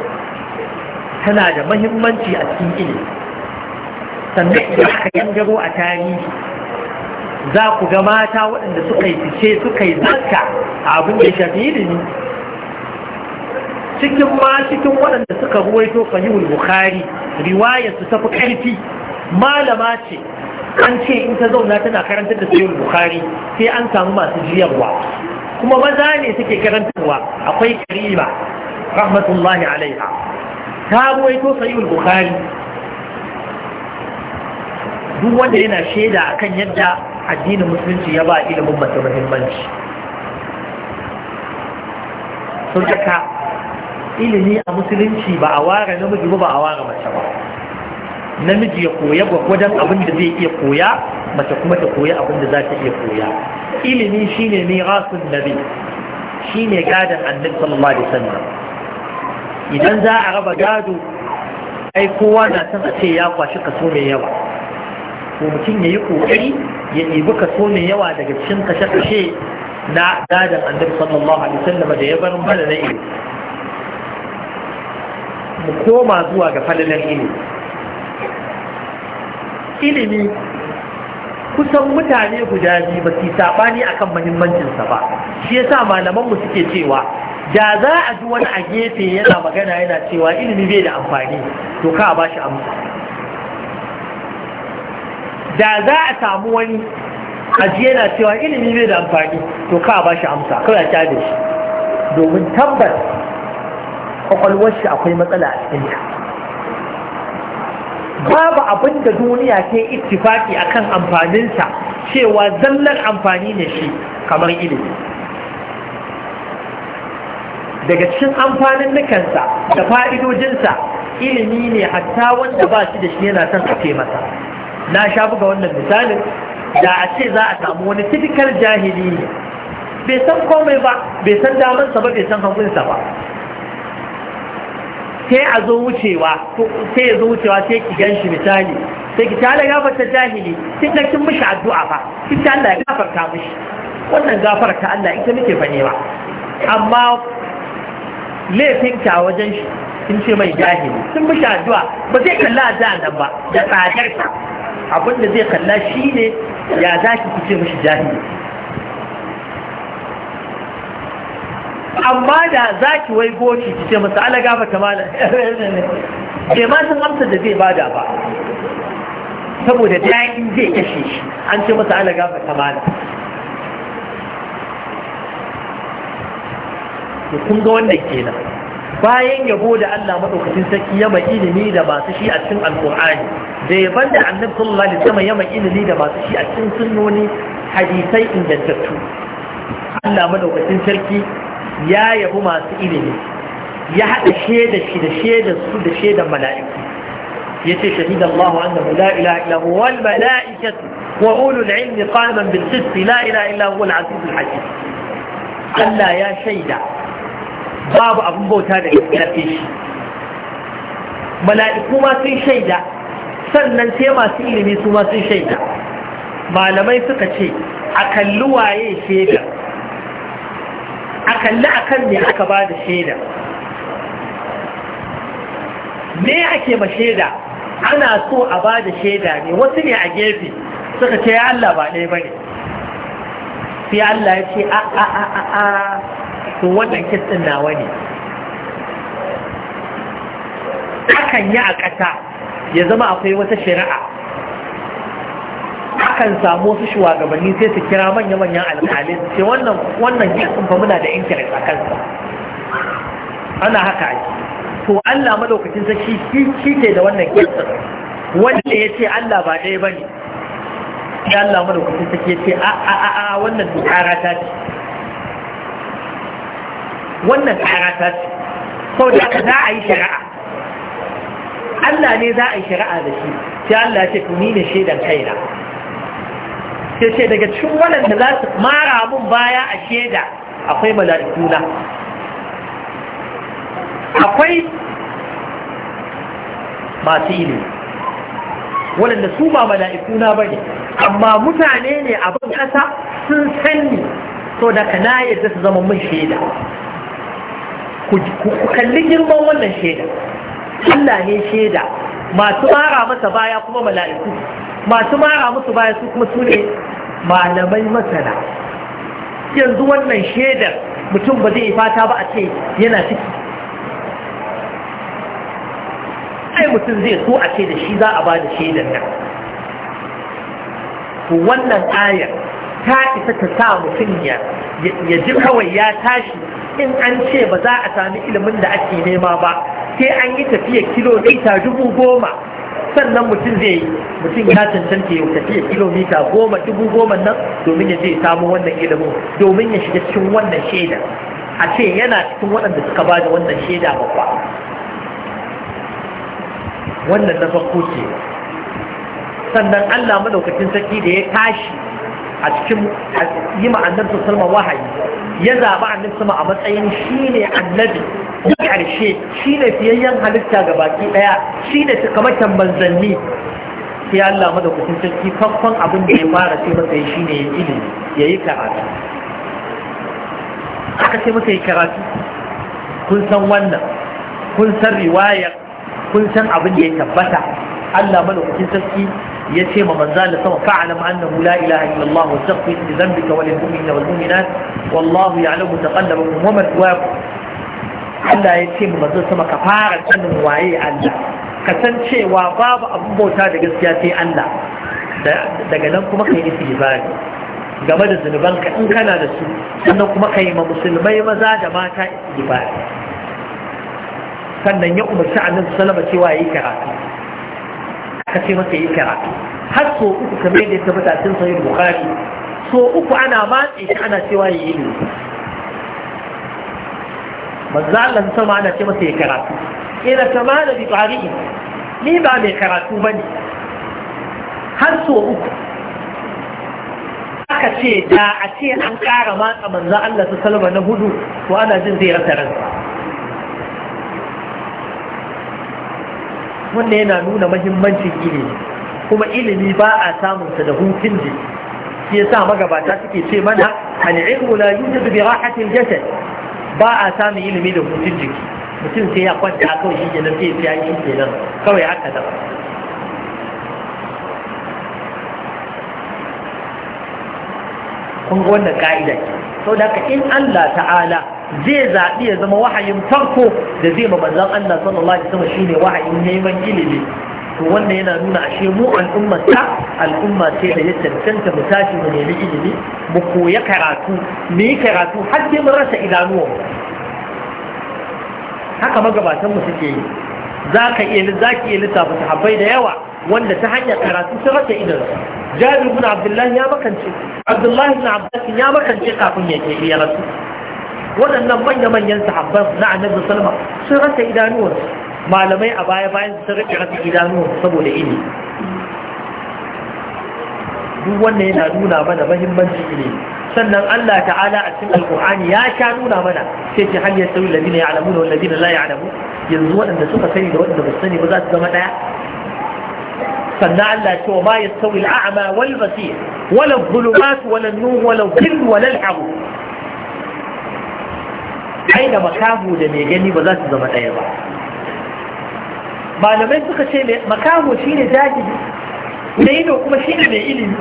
tana da mahimmanci a cikin ilimi sannan idan aka gangaro a tarihi za ku ga mata waɗanda suka yi fice suka yi zarka abin da shafi ilimi cikin ma cikin waɗanda suka ruwaito sahihul bukhari riwayar su tafi ƙarfi malama ce an ce in ta zauna tana karantar da sayar bukhari sai an samu masu jiyarwa kuma maza ne suke karantarwa akwai karima rahmatullahi alaiha ta ruwaito sahihul bukhari duk wanda yana shaida akan yadda addinin musulunci ya ba ilimin mace muhimmanci sun daga ilimi a musulunci ba a ware namiji ba a ware mace ba namiji ya koya gwagwadon abin da zai iya koya mace kuma ta koya abin da za ta iya koya ilimi shine mirasun nabi shine gadon annabi sallallahu alaihi wasallam idan za a raba gado ai kowa na son a ce ya kwashi kaso mai yawa ko mutum ya yi ƙoƙari ya ɗibi kaso mai yawa daga cikin kashe-kashe na gadon annabi sallallahu alaihi wasallam da ya bar mana na ilimi mu koma zuwa ga falalar ilimi ilimi kusan mutane guda biyu ba su saɓani akan muhimmancinsa ba shi yasa malamanmu suke cewa da za a ji wani a gefe yana magana yana cewa ilimi bai da amfani to ka ba shi amsa da za a samu wani a ji yana cewa ilimi bai da amfani to ka ba shi amsa kawai a kyale shi domin tabbas kwakwalwar shi akwai matsala a cikinta babu abin da duniya ke ittifaki akan amfaninsa cewa zallar amfani ne shi kamar ilimi daga cikin amfanin nukansa da fa'idojinsa ilimi ne hatta wanda ba shi da shi yana son a masa na sha buga wannan misalin da a ce za a samu wani tipikal jahili ne bai san komai ba bai san damansa ba bai san hagunsa ba sai a zo wucewa sai ya zo wucewa sai ki gan shi misali sai ki tala gafarta jahili sai ta kin mishi addu'a fa sai ta Allah ya gafarta mishi wannan gafarta Allah ita muke fa ba amma laifin ka wajen shi sun ce mai jahili sun bi shaduwa ba zai kalla a nan ba da tsadar ka abin da zai kalla shi ne ya za ki kuce mashi jahili amma da za ki wai goci ki ce masa ala gafa ta malam ke ma sun amsa da zai bada ba saboda daɗin zai kashe shi an ce masa ala gafa ta malam to kun ga wannan kenan bayan yabo da Allah madaukakin sarki ya mai ilimi da masu shi a cikin alqur'ani da yaban da annabi sallallahu alaihi wasallam ya mai ilimi da masu shi a cikin sunnoni hadisai ingantattu Allah madaukakin sarki ya yabi masu ilimi ya hada shaida shi da shaida su da shaida mala'iku ya ce shahida Allah annahu la ilaha illa huwa wal mala'ikatu wa ulul ilmi qaman bil qist la ilaha illa huwa al aziz al hakim Allah ya shaida babu abin bauta da ya fi shi mala'iku ma sun shaida sannan sai masu ilimi su ma sun shaida malamai suka ce a kalli waye shaida a kalli a kan ne aka ba da shaida me ake ma shaida ana so a ba da shaida ne wasu ne a gefe suka ce ya Allah ba ɗaya ba ne sai Allah ya ce a a a a to wannan kistin nawa ne Hakan yi a ƙasa ya zama akwai wata shari'a Hakan samu wasu shugabanni sai su kira manya-manyan alƙalai su ce wannan wannan kistin fa muna da intanet a kansa ana haka ake to Allah madaukakin sarki shi ke da wannan Wani wanda ya ce Allah ba ɗaya ba ne ya Allah madaukakin sarki ya ce a a a wannan dukara ta ce wannan ƙara ta ce sau da aka za a yi shari'a Allah ne za a yi shari'a da shi sai Allah ce ku ni ne shaidan kaina sai ce daga cikin waɗanda za su mara mun baya a shaida akwai mala'ikuna akwai masu ilimi waɗanda su ba mala'ikuna ba ne amma mutane ne abin ƙasa sun sanni sau da ka na yadda su zama mun shaida ku kalli girman wannan shaida Allah ne shaida masu mara masa baya kuma mala'iku masu mara musu baya su kuma su ne malamai masana yanzu wannan shaidar mutum ba zai fata ba a ce yana ciki Sai mutum zai so a ce da shi za a ba da shaidar nan to wannan ayar ta isa ta sa mutum ya ji kawai ya tashi in an ce ba za a sami ilimin da ake nema ba sai an yi tafiya kilomita dubu goma sannan mutum zai yi mutum ya cancanta ya tafiya kilomita goma dubu goma nan domin ya je samu wannan ilimin domin ya shiga cikin wannan shaida a ce yana cikin waɗanda suka ba da wannan shaida kwa. wannan na farko ce sannan Allah madaukakin sarki da ya tashi a cikin yi ma annabi sallama wahayi ya zaɓi annabi sama a matsayin shi ne annabi na ƙarshe shi ne fiyayyen halitta ga baki ɗaya shi ne kamar manzanni sai Allah madaukakin sarki farkon abin da ya fara sai masa ya shine ya ilimi ya yi karatu aka sai masa ya karatu kun san wannan kun san riwayar kun san abin da ya tabbata Allah malaukakin sarki ya ce ma manzo Allah sama fa'alam annahu la ilaha illallah wa taghfir li dhanbika wa lil mu'minina wal mu'minat wallahu ya ya'lamu taqallabakum wa matwaakum Allah ya ce ma manzo sama ka fara sanin waye Allah ka san cewa babu abin bauta da gaskiya sai Allah daga nan kuma ka kai istighfari game da zunubanka in kana da su sannan kuma ka yi ma musulmai maza da mata istighfari sannan ya umarci annabi sallama cewa yayi karatu ka ce masa yi karatu har so uku kamar yadda ya tabbata cikin sahih bukhari so uku ana matse shi ana cewa ya yi ilimi manzo Allah sama ana ce masa ya karatu ina kama da bi tarihi ni ba mai karatu ba ne, har so uku aka ce da a ce an kara matsa manzo Allah ta salama na hudu ko ana jin zai rasa ransa wanda yana nuna mahimmancin ilimi kuma ilimi ba a samunsa da hutun ji shi yasa magabata suke ce mana ilmu la yujadu bi rahatil jasad ba a samun ilimi da hutun jiki mutum sai ya kwanta a kawai shi ne sai ya tsaya shi kenan kawai haka da kun ga wannan ka'ida ce saboda haka in Allah ta'ala zai zaɓi ya zama wahayin farko da zai ma manzan Allah sallallahu alaihi wasallam shine wahayin neman ilimi to wannan yana nuna ashe mu al'umma ta al'umma ce da ya cancanta mu tashi mu nemi ilimi mu koya karatu mu yi karatu har sai mun rasa idanuwa haka magabatan mu suke yi za ka iya za ki iya lissafa sahabbai da yawa wanda ta hanyar karatu sun rasa idan jabir ibn abdullahi ya makance abdullahi ibn abbas ya makance kafin ya ke iya rasu waɗannan manya-manyan sahabban na annabi salama sun rasa idanuwarsu malamai a baya-bayan sun rike rasa idanuwarsu saboda ilimi duk wannan yana nuna mana mahimmancin ilimi sannan Allah ta'ala a cikin alkur'ani ya sha nuna mana sai ce hal yasawi alladhina ya'lamuna wal ladina la ya'lamu yanzu waɗanda suka sani da waɗanda ba su sani ba za su zama daya sannan Allah ce wa ma yasawi al'a'ma wal basir wala dhulumat wala nur wala dhil wala al'abu kai da makahu da mai gani ba za su zama ɗaya ba malamai suka ce makahu shi ne jahili da ido kuma shi ne mai ilimi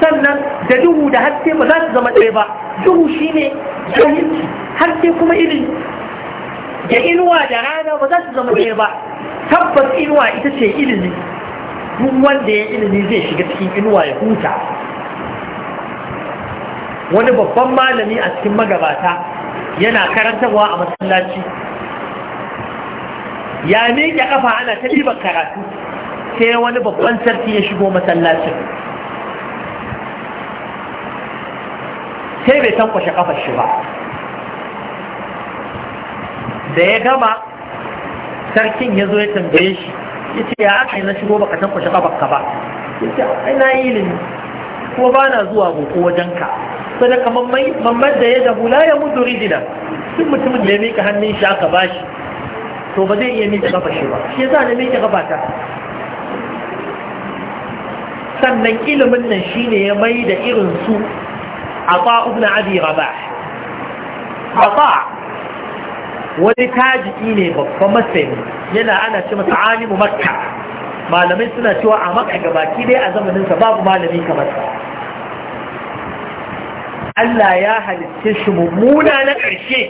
sannan da duhu da haske ba za su zama ɗaya ba duhu shi ne jahilci haske kuma ilimi da inuwa da rana ba za su zama ɗaya ba tabbas inuwa ita ce ilimi duk wanda ya ilimi zai shiga cikin inuwa ya huta wani babban malami a cikin magabata yana karantarwa a masallaci ya miƙe ƙafa ana ta ɗiban karatu sai wani babban sarki ya shigo masallacin sai bai tankwashe kafar shi ba da ya gama sarkin ya zo ya tambaye shi ya ce ya aka yi na shigo baka tankwashe kafar ka ba ya ce na ina ne, ko ba na zuwa boko ka? sadaka mamman da ya dahu la ya mutu rijina duk mutumin da ya miƙa hannun shi aka shi, to ba zai iya miƙa kafa ba shi yasa na miƙa kafa sannan ilimin nan shine ya mai da irin su ata ibn abi a ata wani tajiki ne babban masai yana ana ce masa alimu makka malamai suna cewa a makka gabaki dai a zamaninsa babu malami kamar sa Allah ya halitta shi mummuna na ƙarshe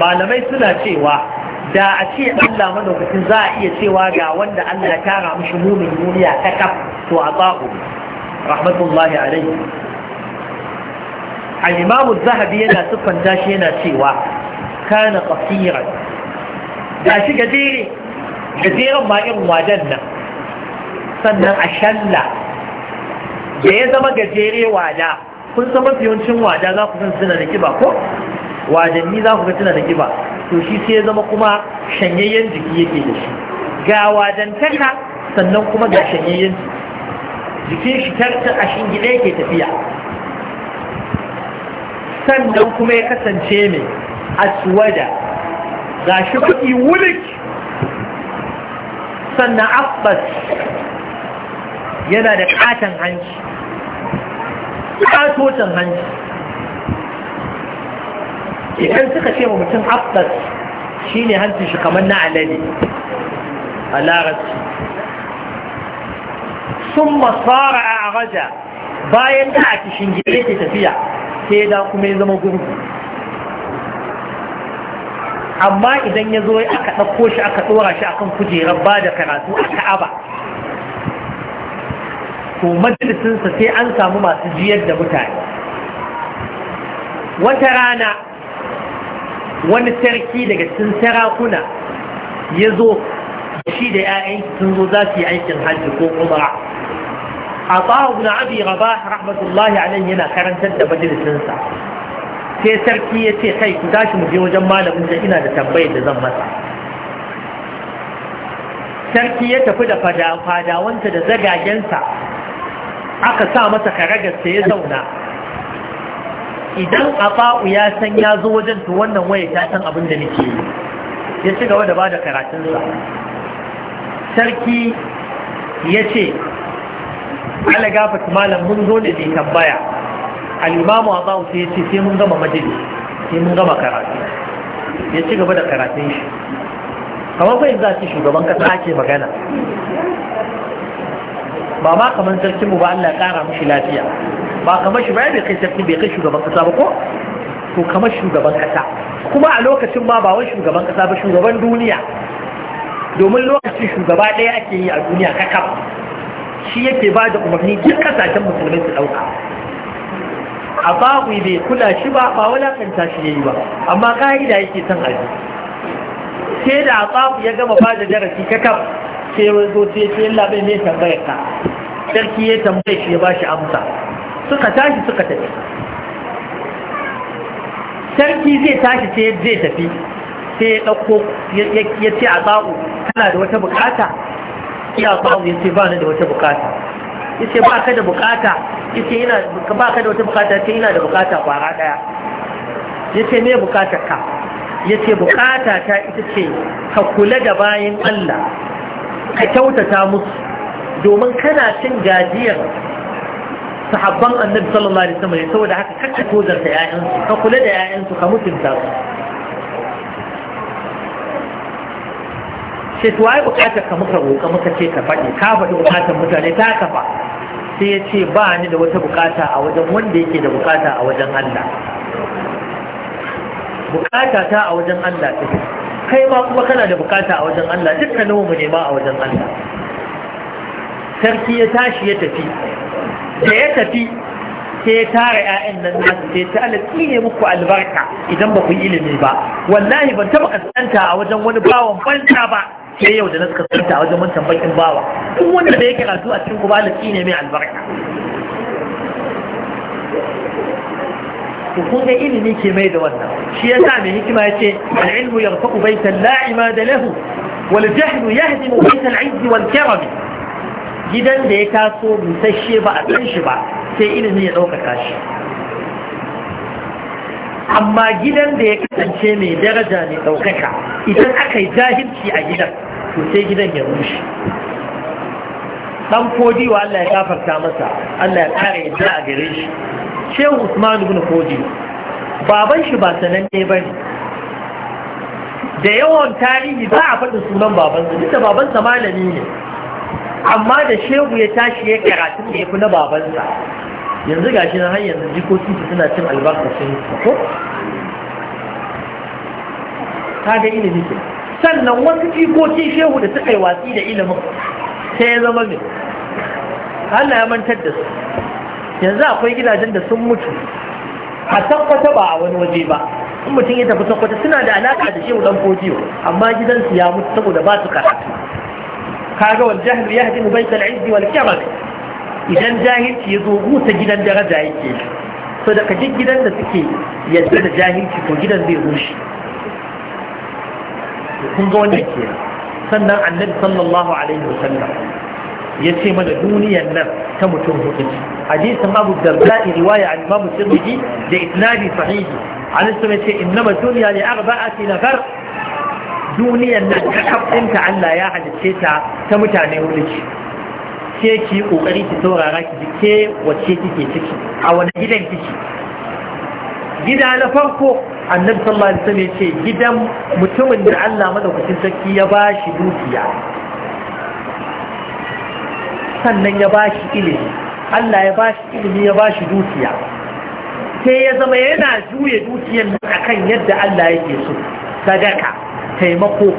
malamai suna cewa da a ce Allah madaukakin za a iya cewa ga wanda Allah ya tara mishi mumin duniya ta kaf to a tsaho rahmatullahi alaihi al-imamu zahabi yana fanta shi yana cewa kana qasiran da shi gajere gajeren ma irin wadan nan sannan a shalla da ya zama gajere wada kun san mafi yawancin wada za ku san suna da kiba ko wadanni za ku ga suna da kiba to shi sai ya zama kuma shanyayyen jiki yake da shi ga wadantaka sannan kuma ga shanyayyen jikin shi tarta a shingide yake tafiya sannan kuma ya kasance mai aswada ga shi kuɗi wulik sannan abbas yana da katon hanci katotan hanci idan suka ce wa mutum aftas shi ne hancin shi kamar na alade a larabci sun masara a raja bayan da a kishin gida ke tafiya sai da kuma ya zama gurgu amma idan ya zo aka ɗauko shi aka ɗora shi akan kujerar ba da karatu a ka'aba to majalisinsa sai an samu masu jiyar da mutane wata rana wani sarki daga cikin sarakuna ya zo shi da 'ya'yanki sun zo za su yi aikin hajji ko umara a tsawon na abi raba rahmatullahi yana karantar da majalisinsa sai sarki ya ce kai ku tashi mu je wajen malamin da ina da tambayar da zan masa sarki ya tafi da fadawanta da zagagensa aka sa masa karagarsa ya zauna idan afa'u ya san ya zo wajen to wannan waya ta san abin da nake yi ya ci gaba da ba da karatunsa sarki ya ce ala gafat malam mun zo ne da tambaya al'imamu a ba'u sai ya ce sai mun gama majalis sai mun gama karatu ya ci gaba da karatun shi kamar bai za ce shugaban kasa ake magana ba ma kamar sarkin ba Allah ƙara mishi lafiya ba kamar shi ba ya kai sarki bai kai shugaban kasa ba ko to kamar shugaban kasa kuma a lokacin ma ba wai shugaban kasa ba shugaban duniya domin lokacin shugaba ɗaya ake yi a duniya kakaf shi yake ba da umarni duk kasashen musulmai su ɗauka a babu bai kula shi ba ba wulakanta shi ya yi ba amma ka'ida yake son aji sai da a ya gama ba da darasi kakaf sai ya zo sai ce yalla bai ne tambaya ka sarki ya tambaye shi ya ba shi amsa suka tashi suka tafi sarki zai tashi sai zai tafi sai ya ɗauko ya ce a tsa'u kana da wata bukata iya tsa'u ya ce ba ni da wata bukata ya ce ba ka da bukata ya ce yana, ba ka da wata bukata ya ce yana da bukata kwara ɗaya ya ce me bukatar ka ya ce bukata ta ita ce ka kula da bayan Allah ka kyautata musu domin kana cin gajiyar sahabban annabi sallallahu alaihi wasallam saboda haka kakka tozarta ƴaƴansu ka kula da ƴaƴansu ka mutunta su sai to ai bukatar ka muka roƙa muka ce ka faɗi ka faɗi bukatar mutane ta kafa sai ya ce ba ni da wata bukata a wajen wanda yake da bukata a wajen Allah bukata ta a wajen Allah take kai ma kuma kana da bukata a wajen Allah dukkanin mu nema a wajen Allah sarki ya tashi ya tafi da ya tafi sai ya tara 'ya'yan nan nasu sai ta alaƙi ne muku albarka idan ba ku yi ilimi ba wallahi ban taɓa kasanta a wajen wani bawan banza ba sai yau da na suka kasanta a wajen wani bakin bawa duk wanda da ya karatu a cikin ba alaƙi ne mai albarka Ku kun ga ilimi ke mai da wannan shi ya sa mai hikima ya ce al'ilmu ya rufa ubaitan la'ima da lahu wal jahlu ya hadi ubaitan aizi wal kerami gidan da ya taso busasshe ba a san shi ba sai ilimi ya ɗaukaka shi amma gidan da ya kasance mai daraja mai ɗaukaka idan aka yi jahilci a gidan to sai gidan ya rushe dan kodi wa Allah ya gafarta masa Allah ya kare yadda a gare shi shehu usman ibn kodi baban shi ba sananne ba ne da yawan tarihi za a faɗi sunan babansa duk da babansa malami ne amma da shehu ya tashi ya karatu da ya fi na babansa yanzu gashi na har yanzu jikoki su suna cin albarkacin ko ta ga ilimi sannan wasu jikokin shehu da suka yi watsi da ilimin sai ya zama mai Allah ya mantar da su yanzu akwai gidajen da sun mutu a tabbata ba a wani waje ba in mutum ya tafi tabbata suna da alaka da shehu dan fodiyo amma gidansu ya mutu saboda ba su karatu kaga wal jahl yahdi bayt al izz wal karam idan jahilci ya zo gusa gidan daraja yake so da kaje gidan da suke yadda da jahilci ko gidan zai rushe kun ga wannan kenan sannan annabi sallallahu alaihi wasallam ya ce mana duniyan nan ta mutum hudu hadisin abu darda'i riwaya an imamu da isnadi sahihi an sama ce innama duniya li na nafar duniyan nan ta kafin Allah ya halicce ta ta mutane hudu ce ke ki kokari ki saurara ki ke wacce kike ciki a wani gidan kike gida na farko annabi sallallahu alaihi wasallam yace gidan mutumin da Allah madaukakin sarki ya bashi dukiya sannan ya bashi ilimi Allah ya bashi ilimi ya bashi dukiya sai ya zama yana juya dukiyar nan akan yadda Allah yake so sadaka taimako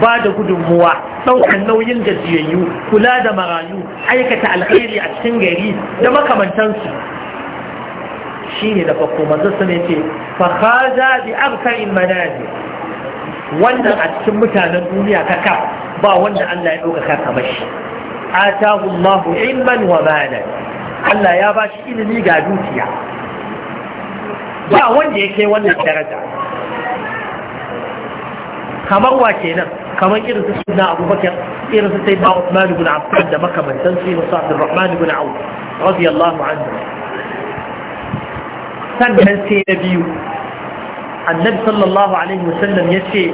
ba da gudunmuwa ɗaukar nauyin gajiyayyu kula da marayu aikata alheri a cikin gari da makamantansu Shi shine da farko manzo sun ce fa khaza bi abkarin manazil wannan a cikin mutanen duniya ka ka ba wanda Allah ya dauka ka bashi atahu Allah ilman wa malan Allah ya bashi ilimi ga dukiya ba wanda ya kai wannan daraja kamar wa kenan kamar irin su sunna abubakar irin su sai ba Uthman ibn Affan da makamantan su yi musa Abdurrahman ibn Auf radiyallahu anhu sannan sai na biyu annabi sallallahu alaihi wasallam ya ce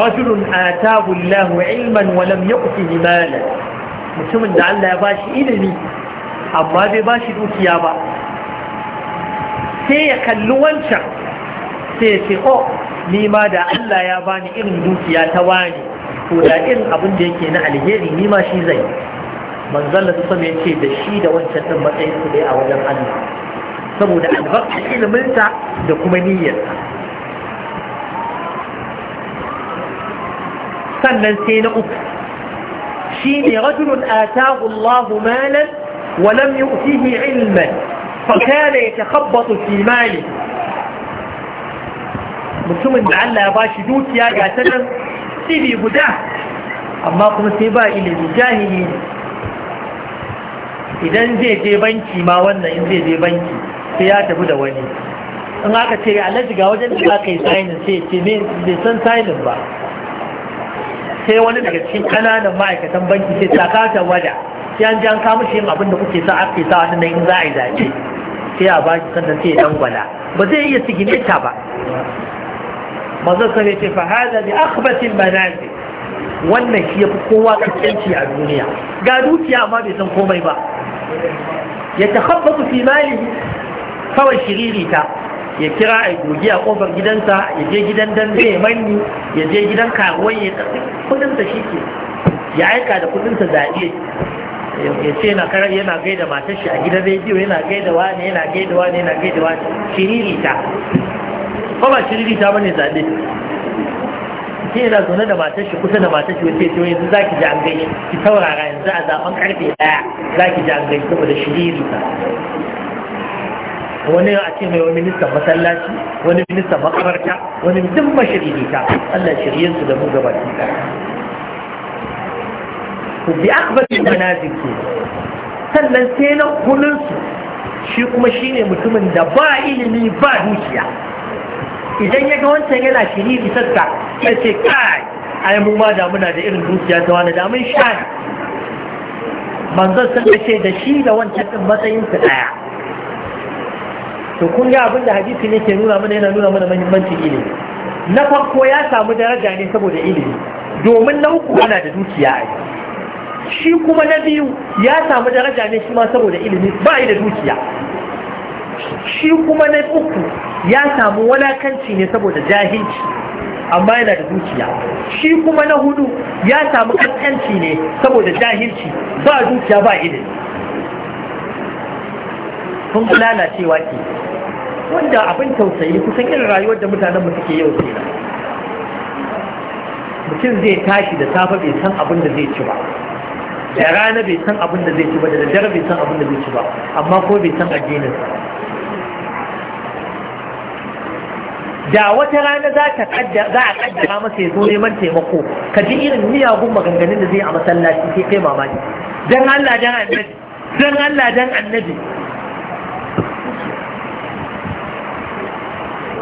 rajulun atahu Allahu ilman wa lam yu'tihi himala. mutumin da Allah ya bashi ilimi amma bai bashi dukiya ba sai ya kalli wancan sai ya ce oh ni ma da Allah ya bani irin dukiya ta wani to da irin abin da yake na alheri ni ma shi zai manzon da ya ce da shi da wancan din matsayin su dai a wajen Allah saboda albarkar iliminsa da kuma niyyarsa sannan sai na uku shi ne rajulun atahu Allahu malan wa lam yu'tihi ilman fa kana yatakhabbatu fi mali mutumin da Allah ya bashi dukiya ga ta nan sibi guda amma kuma sai ba ilimi jahili idan zai je banki ma wannan in zai je banki sai ya tafi da wani in aka ce alhaji ga wajen da aka yi sainin sai ce ne bai san sainin ba sai wani daga cikin kananan ma'aikatan banki sai takata wada sai an jan kamun shi yin abin da kuke sa ake sa wani in za a yi zaɓe sai a ba shi sannan sai ya gwala ba zai iya sigine ta ba mazan sai ce fa hada bi akhbatil manazil wannan shi yafi kowa kaskanci a duniya ga dukiya amma bai san komai ba ya takhabbatu fi malihi kawai shiririta ya kira a goge a kofar gidansa ya je gidan dan ya manni ya je gidan karuwan ya tafi kudinsa shi ke ya aika da kudinsa zaɓe ya ce na karar yana gaida matar shi a gidan rediyo yana gaida wani yana gaida wani yana gaida wani shiririta ko ba shiririta ba ne zaɓe ke yana zaune da matar shi kusa da matar shi wace ce yanzu zaki ji an gani ki taurara yanzu a zaben karfe daya zaki ji an gani saboda shiriri ta wani a ce mai wani ministan masallaci wani minista makabarta wani duk mashirita Allah shiryen su da mu gaba ki da ku bi akbarin manazin ke sannan sai na hulun shi kuma shine mutumin da ba ilimi ba dukiya idan ya ga wancan yana shiri bisarka ya ce kai ai mu ma da muna da irin dukiya ta wani da mun sha manzon sun ce da shi da wancan din matsayin su daya to kun ga abin da hadisi ne ke nuna mana yana nuna mana mahimmancin ilimi na farko ya samu daraja ne saboda ilimi domin na uku ana da dukiya a shi kuma na biyu ya samu daraja ne shi ma saboda ilimi ba yi da dukiya shi kuma na uku ya samu walakanci ne saboda jahilci amma yana da dukiya shi kuma na hudu ya samu kankanci ne saboda jahilci ba dukiya ba ilimi na cewa ke wanda abin tausayi kusan irin rayuwar da mutanen mu suke yau kenan mutum zai tashi da safe bai san abin da zai ci ba da rana bai san abin da zai ci ba da daddare bai san abin da zai ci ba amma ko bai san addinin da wata rana za a kaddara masa ya zo neman taimako ka ji irin miyagun maganganun da zai a masallaci sai kai mamaki dan Allah dan annabi dan Allah dan annabi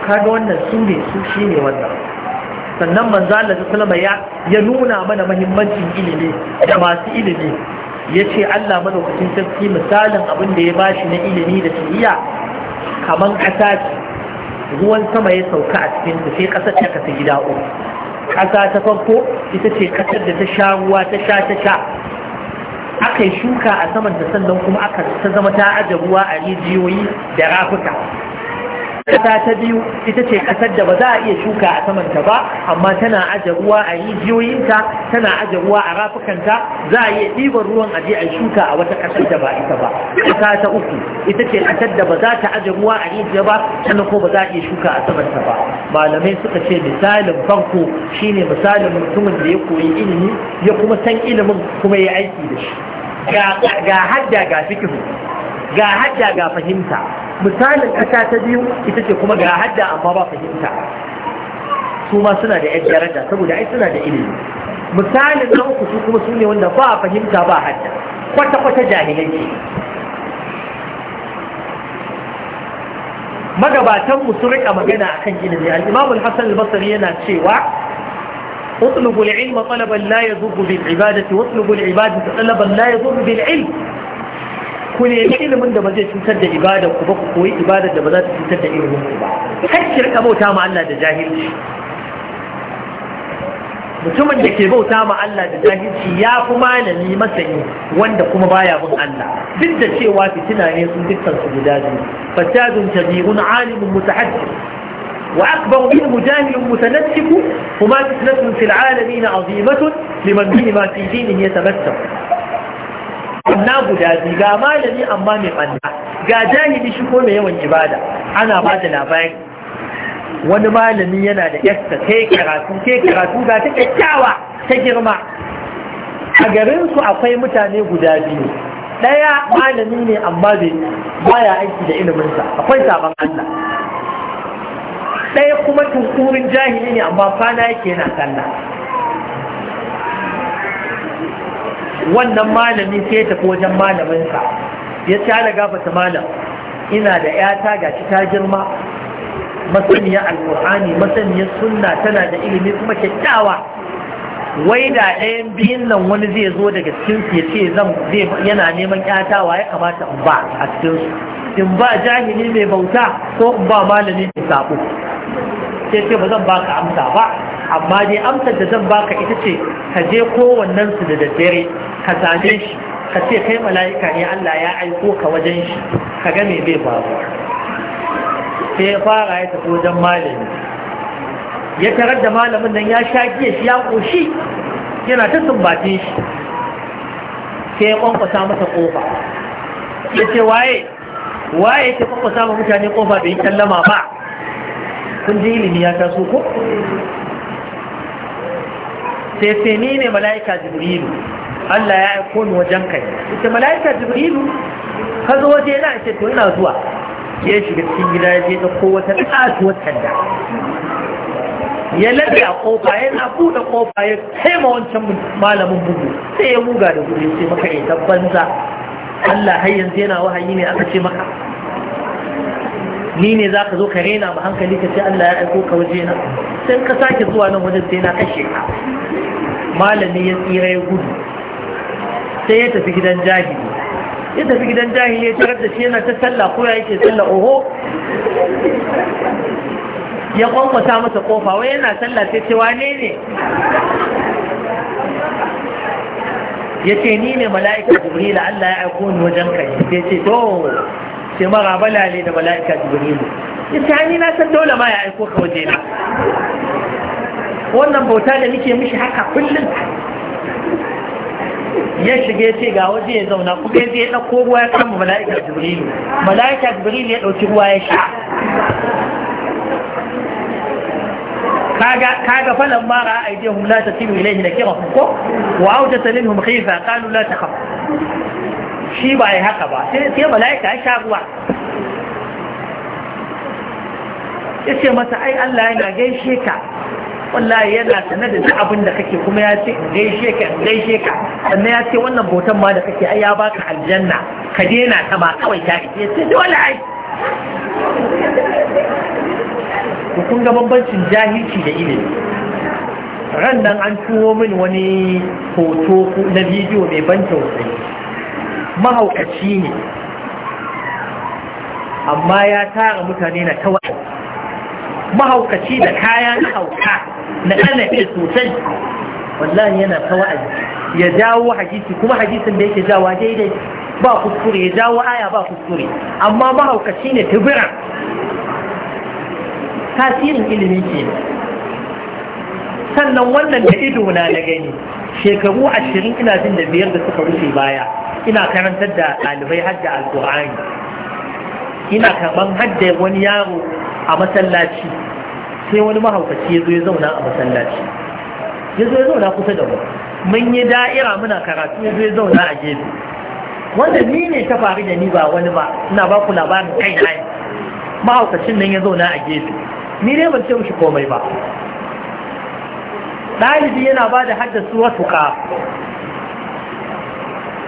kaga wannan su ne su shi ne wannan sannan manzo Allah sallama ya ya nuna mana muhimmancin ilimi da masu ilimi yace Allah madaukakin sarki misalin abin da ya bashi na ilimi da kamar kaman ce. ruwan sama ya sauka a cikin sai ƙasar ta kasa gida uku Ƙasa ta farko ita ce kasar da ta sha ruwa ta sha ta sha aka yi shuka a saman da sannan kuma aka ta zama ta aje ruwa a rijiyoyi da rafuka kasa ta biyu ita ce kasar da ba za a iya shuka a samanta ba amma tana aje ruwa a rijiyoyinta tana aje ruwa a rafukanta za a iya ɗiban ruwan aje a shuka a wata ƙasar da ba ita ba Ƙasa ta uku ita ce ƙasar da ba za ta aje ruwa a rijiya ba sannan ko ba za a iya shuka a samanta ba malamai suka ce misalin farko shine misalin mutumin da ya koyi ilimi ya kuma san ilimin kuma ya aiki da shi ga hadda ga fikihu ga hadda ga fahimta misalin ƙasa ta biyu ita ce kuma ga hadda amma ba fahimta su ma suna da yan daraja saboda ai suna da ilimi misalin na uku su kuma su ne wanda ba fahimta ba hadda kwata-kwata jahilai ne magabatan mu sun rika magana akan ilimi al-imam al-hasan al-basri yana cewa اطلبوا العلم طلبا لا يضر بالعبادة واطلبوا العبادة طلبا لا يضر بالعلم ku nemi ilimin da ba zai cutar da ibadar ku ba ku koyi ibadar da ba za ta cutar da ilimin ku ba kakki rika bauta ma Allah da jahilci mutumin da ke bauta ma Allah da jahilci ya fi malami masani wanda kuma baya bin Allah duk da cewa fitina ne sun dukkan su guda biyu fasadun tabi'un alimun mutahaddi wa akbar minhu jahilun mutanattiku kuma fitnatun fil alamin azimatun liman bihi ma fi dinihi yatamattab banna guda biyu ga malami amma mai banna ga jahili shi ko mai yawan ibada ana ba da labari wani malami yana da yasta kai karatu kai karatu ga ta kyakkyawa ta girma a garin su akwai mutane guda biyu ɗaya malami ne amma bai baya aiki da iliminsa akwai sabon Allah ɗaya kuma tunkurin jahili ne amma kwana yake yana sallah wannan malami sai ta tafi wajen malaminsa ya ce ala gafata malam ina da yata ga shi ta girma masaniya alkur'ani masaniya sunna tana da ilimi kuma kyakkyawa wai da ɗayan biyun nan wani zai zo daga cikin ya ce zan zai yana neman yatawa ya kamata in ba a cikin su in ba jahili mai bauta ko in ba malami mai sabo sai ce ba zan baka amsa ba amma dai amsar da zan baka ita ce ka je kowannen su da daddare ka same shi ka ce kai mala'ika ne Allah ya aiko ka wajen shi ka ga bai babu. sai ya fara ya tafi wajen malami ya tarar da malamin nan ya sha giya shi ya koshi yana ta sumbatin shi sai ya kwankwasa masa kofa ya ce waye waye ce kwankwasa ma mutane kofa bai yi sallama ba kun ji ilimi ya taso ko sai sai ni ne mala'ika jibrilu Allah ya aiko ni wajen kai ita mala'ika jibrilu ka zo waje na ce to ina zuwa ya shiga cikin gida ya je da ko wata katuwar tanda ya labe a kofa ya na buɗe kofa ya taima wancan malamin bugu sai ya buga da gudu sai maka ya eh, tabbanza Allah har yanzu yana wahayi ne aka ce maka ni ne za ka zo ka rena ba hankali ka ce Allah ya aiko ka waje na sai ka sake zuwa nan wajen sai na kashe ka malami ya tsira ya gudu sai ya tafi gidan jahili ya tafi gidan jahili ya tarar da shi yana ta sallah ko ya yake tsalla oho ya kwankwasa masa kofa wai yana sallah sai ce wane ne ya ce ni ne mala'ika jibrila Allah ya aiko ni wajen kai sai ce to ce mara balale da mala'ika jibrila ya ce hanyi na san dole ma ya aiko ka waje na wannan bauta da nike mishi haka kullum ya shige ce ga waje ya zauna kuma ya ɗauko ruwa ya kama mala'ika jibrilu mala'ika jibrilu ya ɗauki ruwa ya sha kaga falan mara a aidiyahum la tasilu ilayhi nakirahum ko wa awjasa minhum khifa qalu la takhaf shi ba yi haka ba sai sai mala'ika ya sha ruwa Ya ce masa ai Allah yana gaishe ka wallahi yana sane da duk abin da kake kuma ya ce gaishe ka gaishe ka sannan ya ce wannan bautan ma da kake ai ya baka aljanna ka daina ta ba kawai ta ce ce dole ai ku kun ga bambancin jahilci da ilimi ran nan an tuwo min wani hoto na bidiyo mai ban tausayi mahaukaci ne amma ya tara mutane na kawai mahaukaci da kayan hauka na ke sosai wallahi yana ta wa'azi ya jawo hadisi kuma hadisin da yake jawa daidai ba kuskure ya jawo aya ba kuskure amma mahaukaci ne tubira tasirin ilimi ke sannan wannan da ido na na gani shekaru ashirin ina jin da biyar da suka rufe baya ina karantar da ɗalibai al alƙur'ani ina karɓar hadda wani yaro a masallaci sai wani mahaukaci ya zo ya zauna a masallaci ya zo ya zauna kusa da mu mun yi da'ira muna karatu ya zo ya zauna a gefe wanda ni ne ta faru da ni ba wani ba ina ba ku labarin kai na mahaukacin nan ya zauna a gefe ni ne ban ce mushi komai ba ɗalibi yana ba da hadda suratu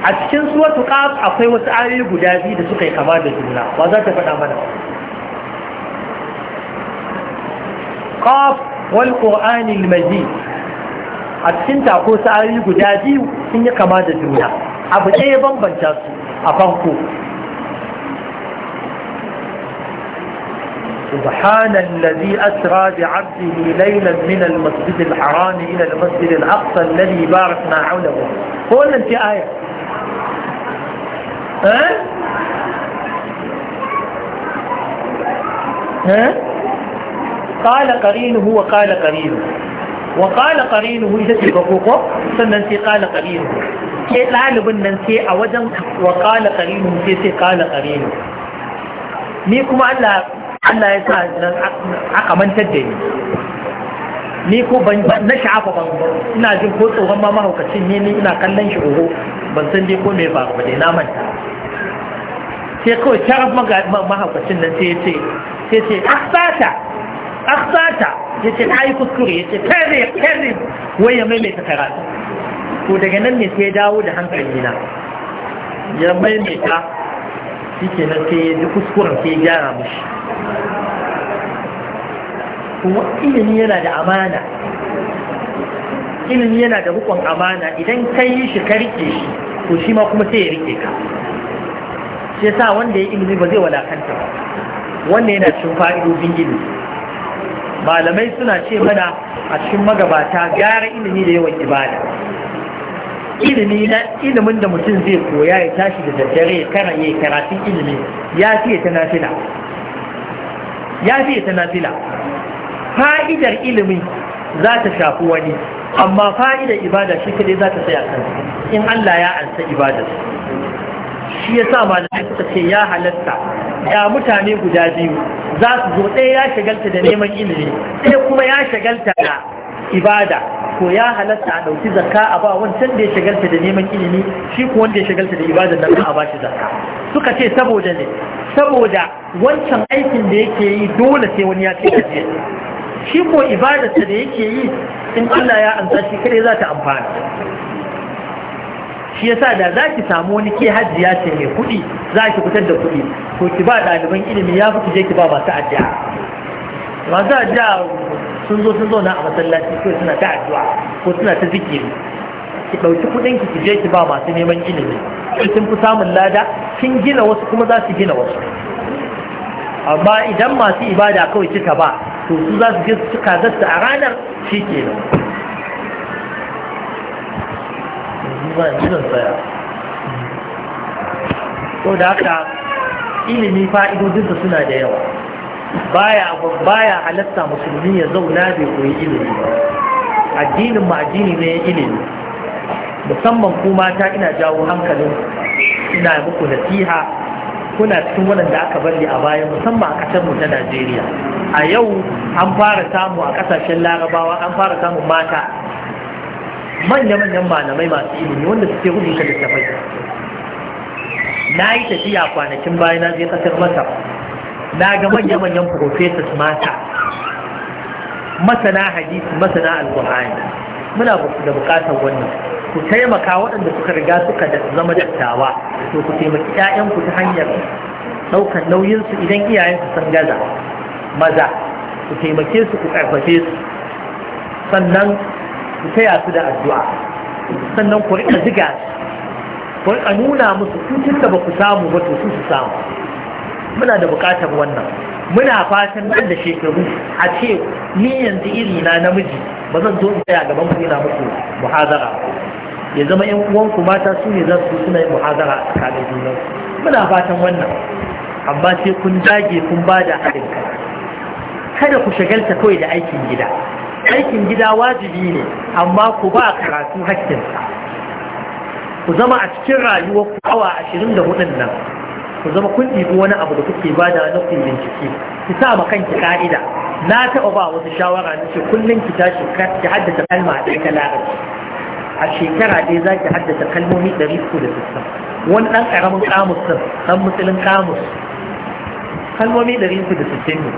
a cikin suwa akwai wasu ayoyi guda biyu da suka yi kama da juna ba za ta faɗa mana القاف والقرآن المجيد أتسنت أقول سألي قدادي سنة كما تدرون أبو أيضا بنجاس أفنكو سبحان الذي أسرى بعبده ليلا من المسجد الحرام إلى المسجد الأقصى الذي باركنا حوله هو أنت آية ها ها قال قرينه وقال قرينه وقال قرينه إذا تبقوقه سنن سي قال قرينه كي لعلب ننسي Ke ɗalibin nan sai a قال قرينه نيكم ألا Sai sai عقمان تدني ni ko ban na sha'afa ban ina jin ko tsohon ma mahaukacin ne ni ina kallon shi oho ban san dai ko me ba ba dai na manta sai kawai taraf mahaukacin nan sai ya ce sai ce asata aksata ya ce ta yi kuskure ya ce kare kare wai ya maimaita karatu ko daga nan ne sai dawo da hankali na ya maimaita shi ke nan sai ya ji kuskuren sai ya gyara mushi kuma ilimi yana da amana ilimi yana da hukun amana idan ka yi shi ka rike shi to shi ma kuma sai ya rike ka shi yasa wanda ya ilimi ba zai wadakanta ba wannan yana cin fa'idojin ilimi malamai suna ce mana a cikin magabata gyara ilimi da yawan ibada ilimi na ilimin da mutum zai koya ya tashi da daddare ya kara ya karatun ilimi ya fiye ta nafila ya fiye ta nafila fa'idar ilimi za ta shafi wani amma fa'idar ibada shi kadai za ta tsaya kansa, in Allah ya ansa ibadar shi ya sa malamai suka ce ya halatta da mutane guda biyu za su zo ɗaya ya shagalta da neman ilimi ɗaya kuma ya shagalta da ibada ko ya halatta a ɗauki zakka a ba wancan da ya shagalta da neman ilimi shi ko wanda ya shagalta da ibada da a ba shi zakka suka ce saboda ne saboda wancan aikin da yake yi dole sai wani ya ce kaje shi ko ibadarsa da yake yi in Allah ya amsa shi kare za ta amfana shi yasa da za ki samu wani ke ya ce mai kuɗi za ki fitar da kuɗi ko ki ba ɗaliban ilimi ya fi kuje ki ba masu addu'a masu addu'a sun zo sun zauna a masallaci ko suna ta addu'a ko suna ta zikiri ki ɗauki kuɗin ki je ki ba masu neman ilimi sun fi samun lada kin gina wasu kuma za su gina wasu amma idan masu ibada kawai kika ba to su za su je su cika a ranar shi kenan ni ba tsaya da haka ilimi fa'idodinsa suna da yawa baya baya halatta musulmi ya zauna bai koyi ilimi addinin mu addini ne ilimi musamman ko mata ina jawo hankalin ina muku nasiha kuna cikin waɗanda aka bari a bayan musamman a ƙasarmu mu ta Najeriya a yau an fara samu a ƙasashen larabawa an fara samun mata manya-manyan malamai masu ilimi wanda suke rubuta littafai na yi tafiya kwanakin bayan na je kasar masar na ga manya-manyan professors mata masana hadisi masana alkur'ani muna da bukatar wannan ku taimaka waɗanda suka riga suka zama dattawa to ku taimaki 'ya'yanku ta hanyar ɗaukar nauyinsu idan iyayensu sun gaza maza ku taimake su ku ƙarfafe su sannan ku taya su da addu'a sannan ku riƙa ziga ku riƙa nuna musu tutun da ba ku samu ba to su su samu muna da buƙatar wannan muna fatan nan da shekaru a ce ni yanzu iri na namiji ba zan zo in tsaya gaban ku ina musu muhazara ya zama yan uwanku mata su ne za su suna yin muhazara a tsakanin junan muna fatan wannan amma sai kun dage kun ba da haɗin kada ku shagalta kawai da aikin gida aikin gida wajibi ne amma ku ba karatu hakkinsa ku zama a cikin rayuwar ku awa ashirin da hudun nan ku zama kun ɗibi wani abu da kuke ba da nufin bincike ki sa ma kanki ka'ida na taɓa ba wasu shawara na ce kullum ki tashi ki haddace kalma a ɗaya larabci a shekara ɗaya za ki haddace kalmomi ɗari uku da sittin wani ɗan ƙaramin kamus ɗan musulun ƙamus. kalmomi ɗari uku da sittin ne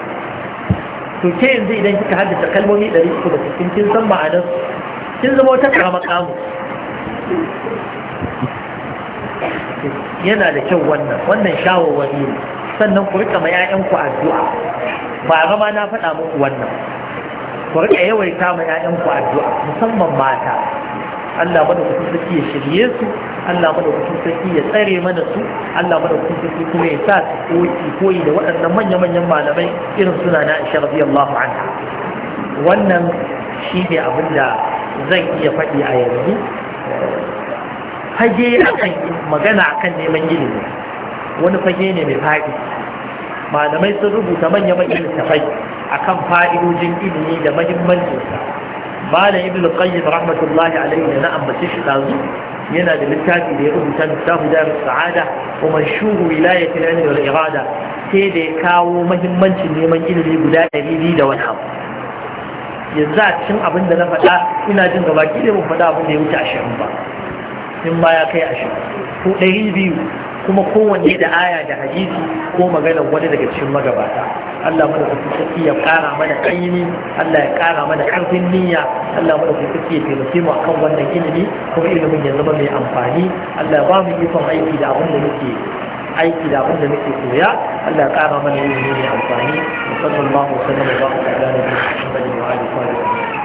to ce yanzu idan kika haddace kalmomi 360 kin san ma'anar kin zama wata kama kamu yana da kyau wannan wannan shawarwari ne sannan ku rika ma 'ya'yanku addu'a ba a na faɗa muku wannan ku rika yawaita ma 'ya'yanku addu'a musamman mata Allah madaukakin sarki ya shirye su Allah madaukakin sarki ya tsare mana su Allah madaukakin sarki kuma ya sa su koyi koyi da waɗannan manya-manyan malamai irin suna na Aisha radiyallahu anha wannan shi ne abin da zan iya faɗi a yanzu fage akan magana akan neman ilimi wani fage ne mai faɗi malamai sun rubuta manya-manyan littafai akan fa'idojin ilimi da mahimmancinsa bala ibn qayyim rahmatullahi alayhi na ambace shi dazu yana da littafi da ya rubuta littafi da sa'ada kuma shuru wilaya al-ilm wal irada sai da ya kawo mahimmancin neman ilimi guda biyu da wani abu yanzu a cikin abin da na faɗa ina jin gaba ki da mun faɗa abin da ya wuce ashirin ba in ma ya kai ashirin ko ɗari biyu kuma kowanne da aya da hadisi ko maganar wani daga cikin magabata Allah mu da sarki ya kara mana kaimi Allah ya kara mana ƙarfin niyya Allah mu da sarki ya taimake mu akan wannan ilimi kuma ilimin ya zama mai amfani Allah ya ba mu ikon aiki da abin da muke aiki da abin da muke koya Allah ya kara mana ilimi mai amfani sallallahu alaihi wa sallam wa baraka ala nabiyina Muhammadin wa alihi wa sahbihi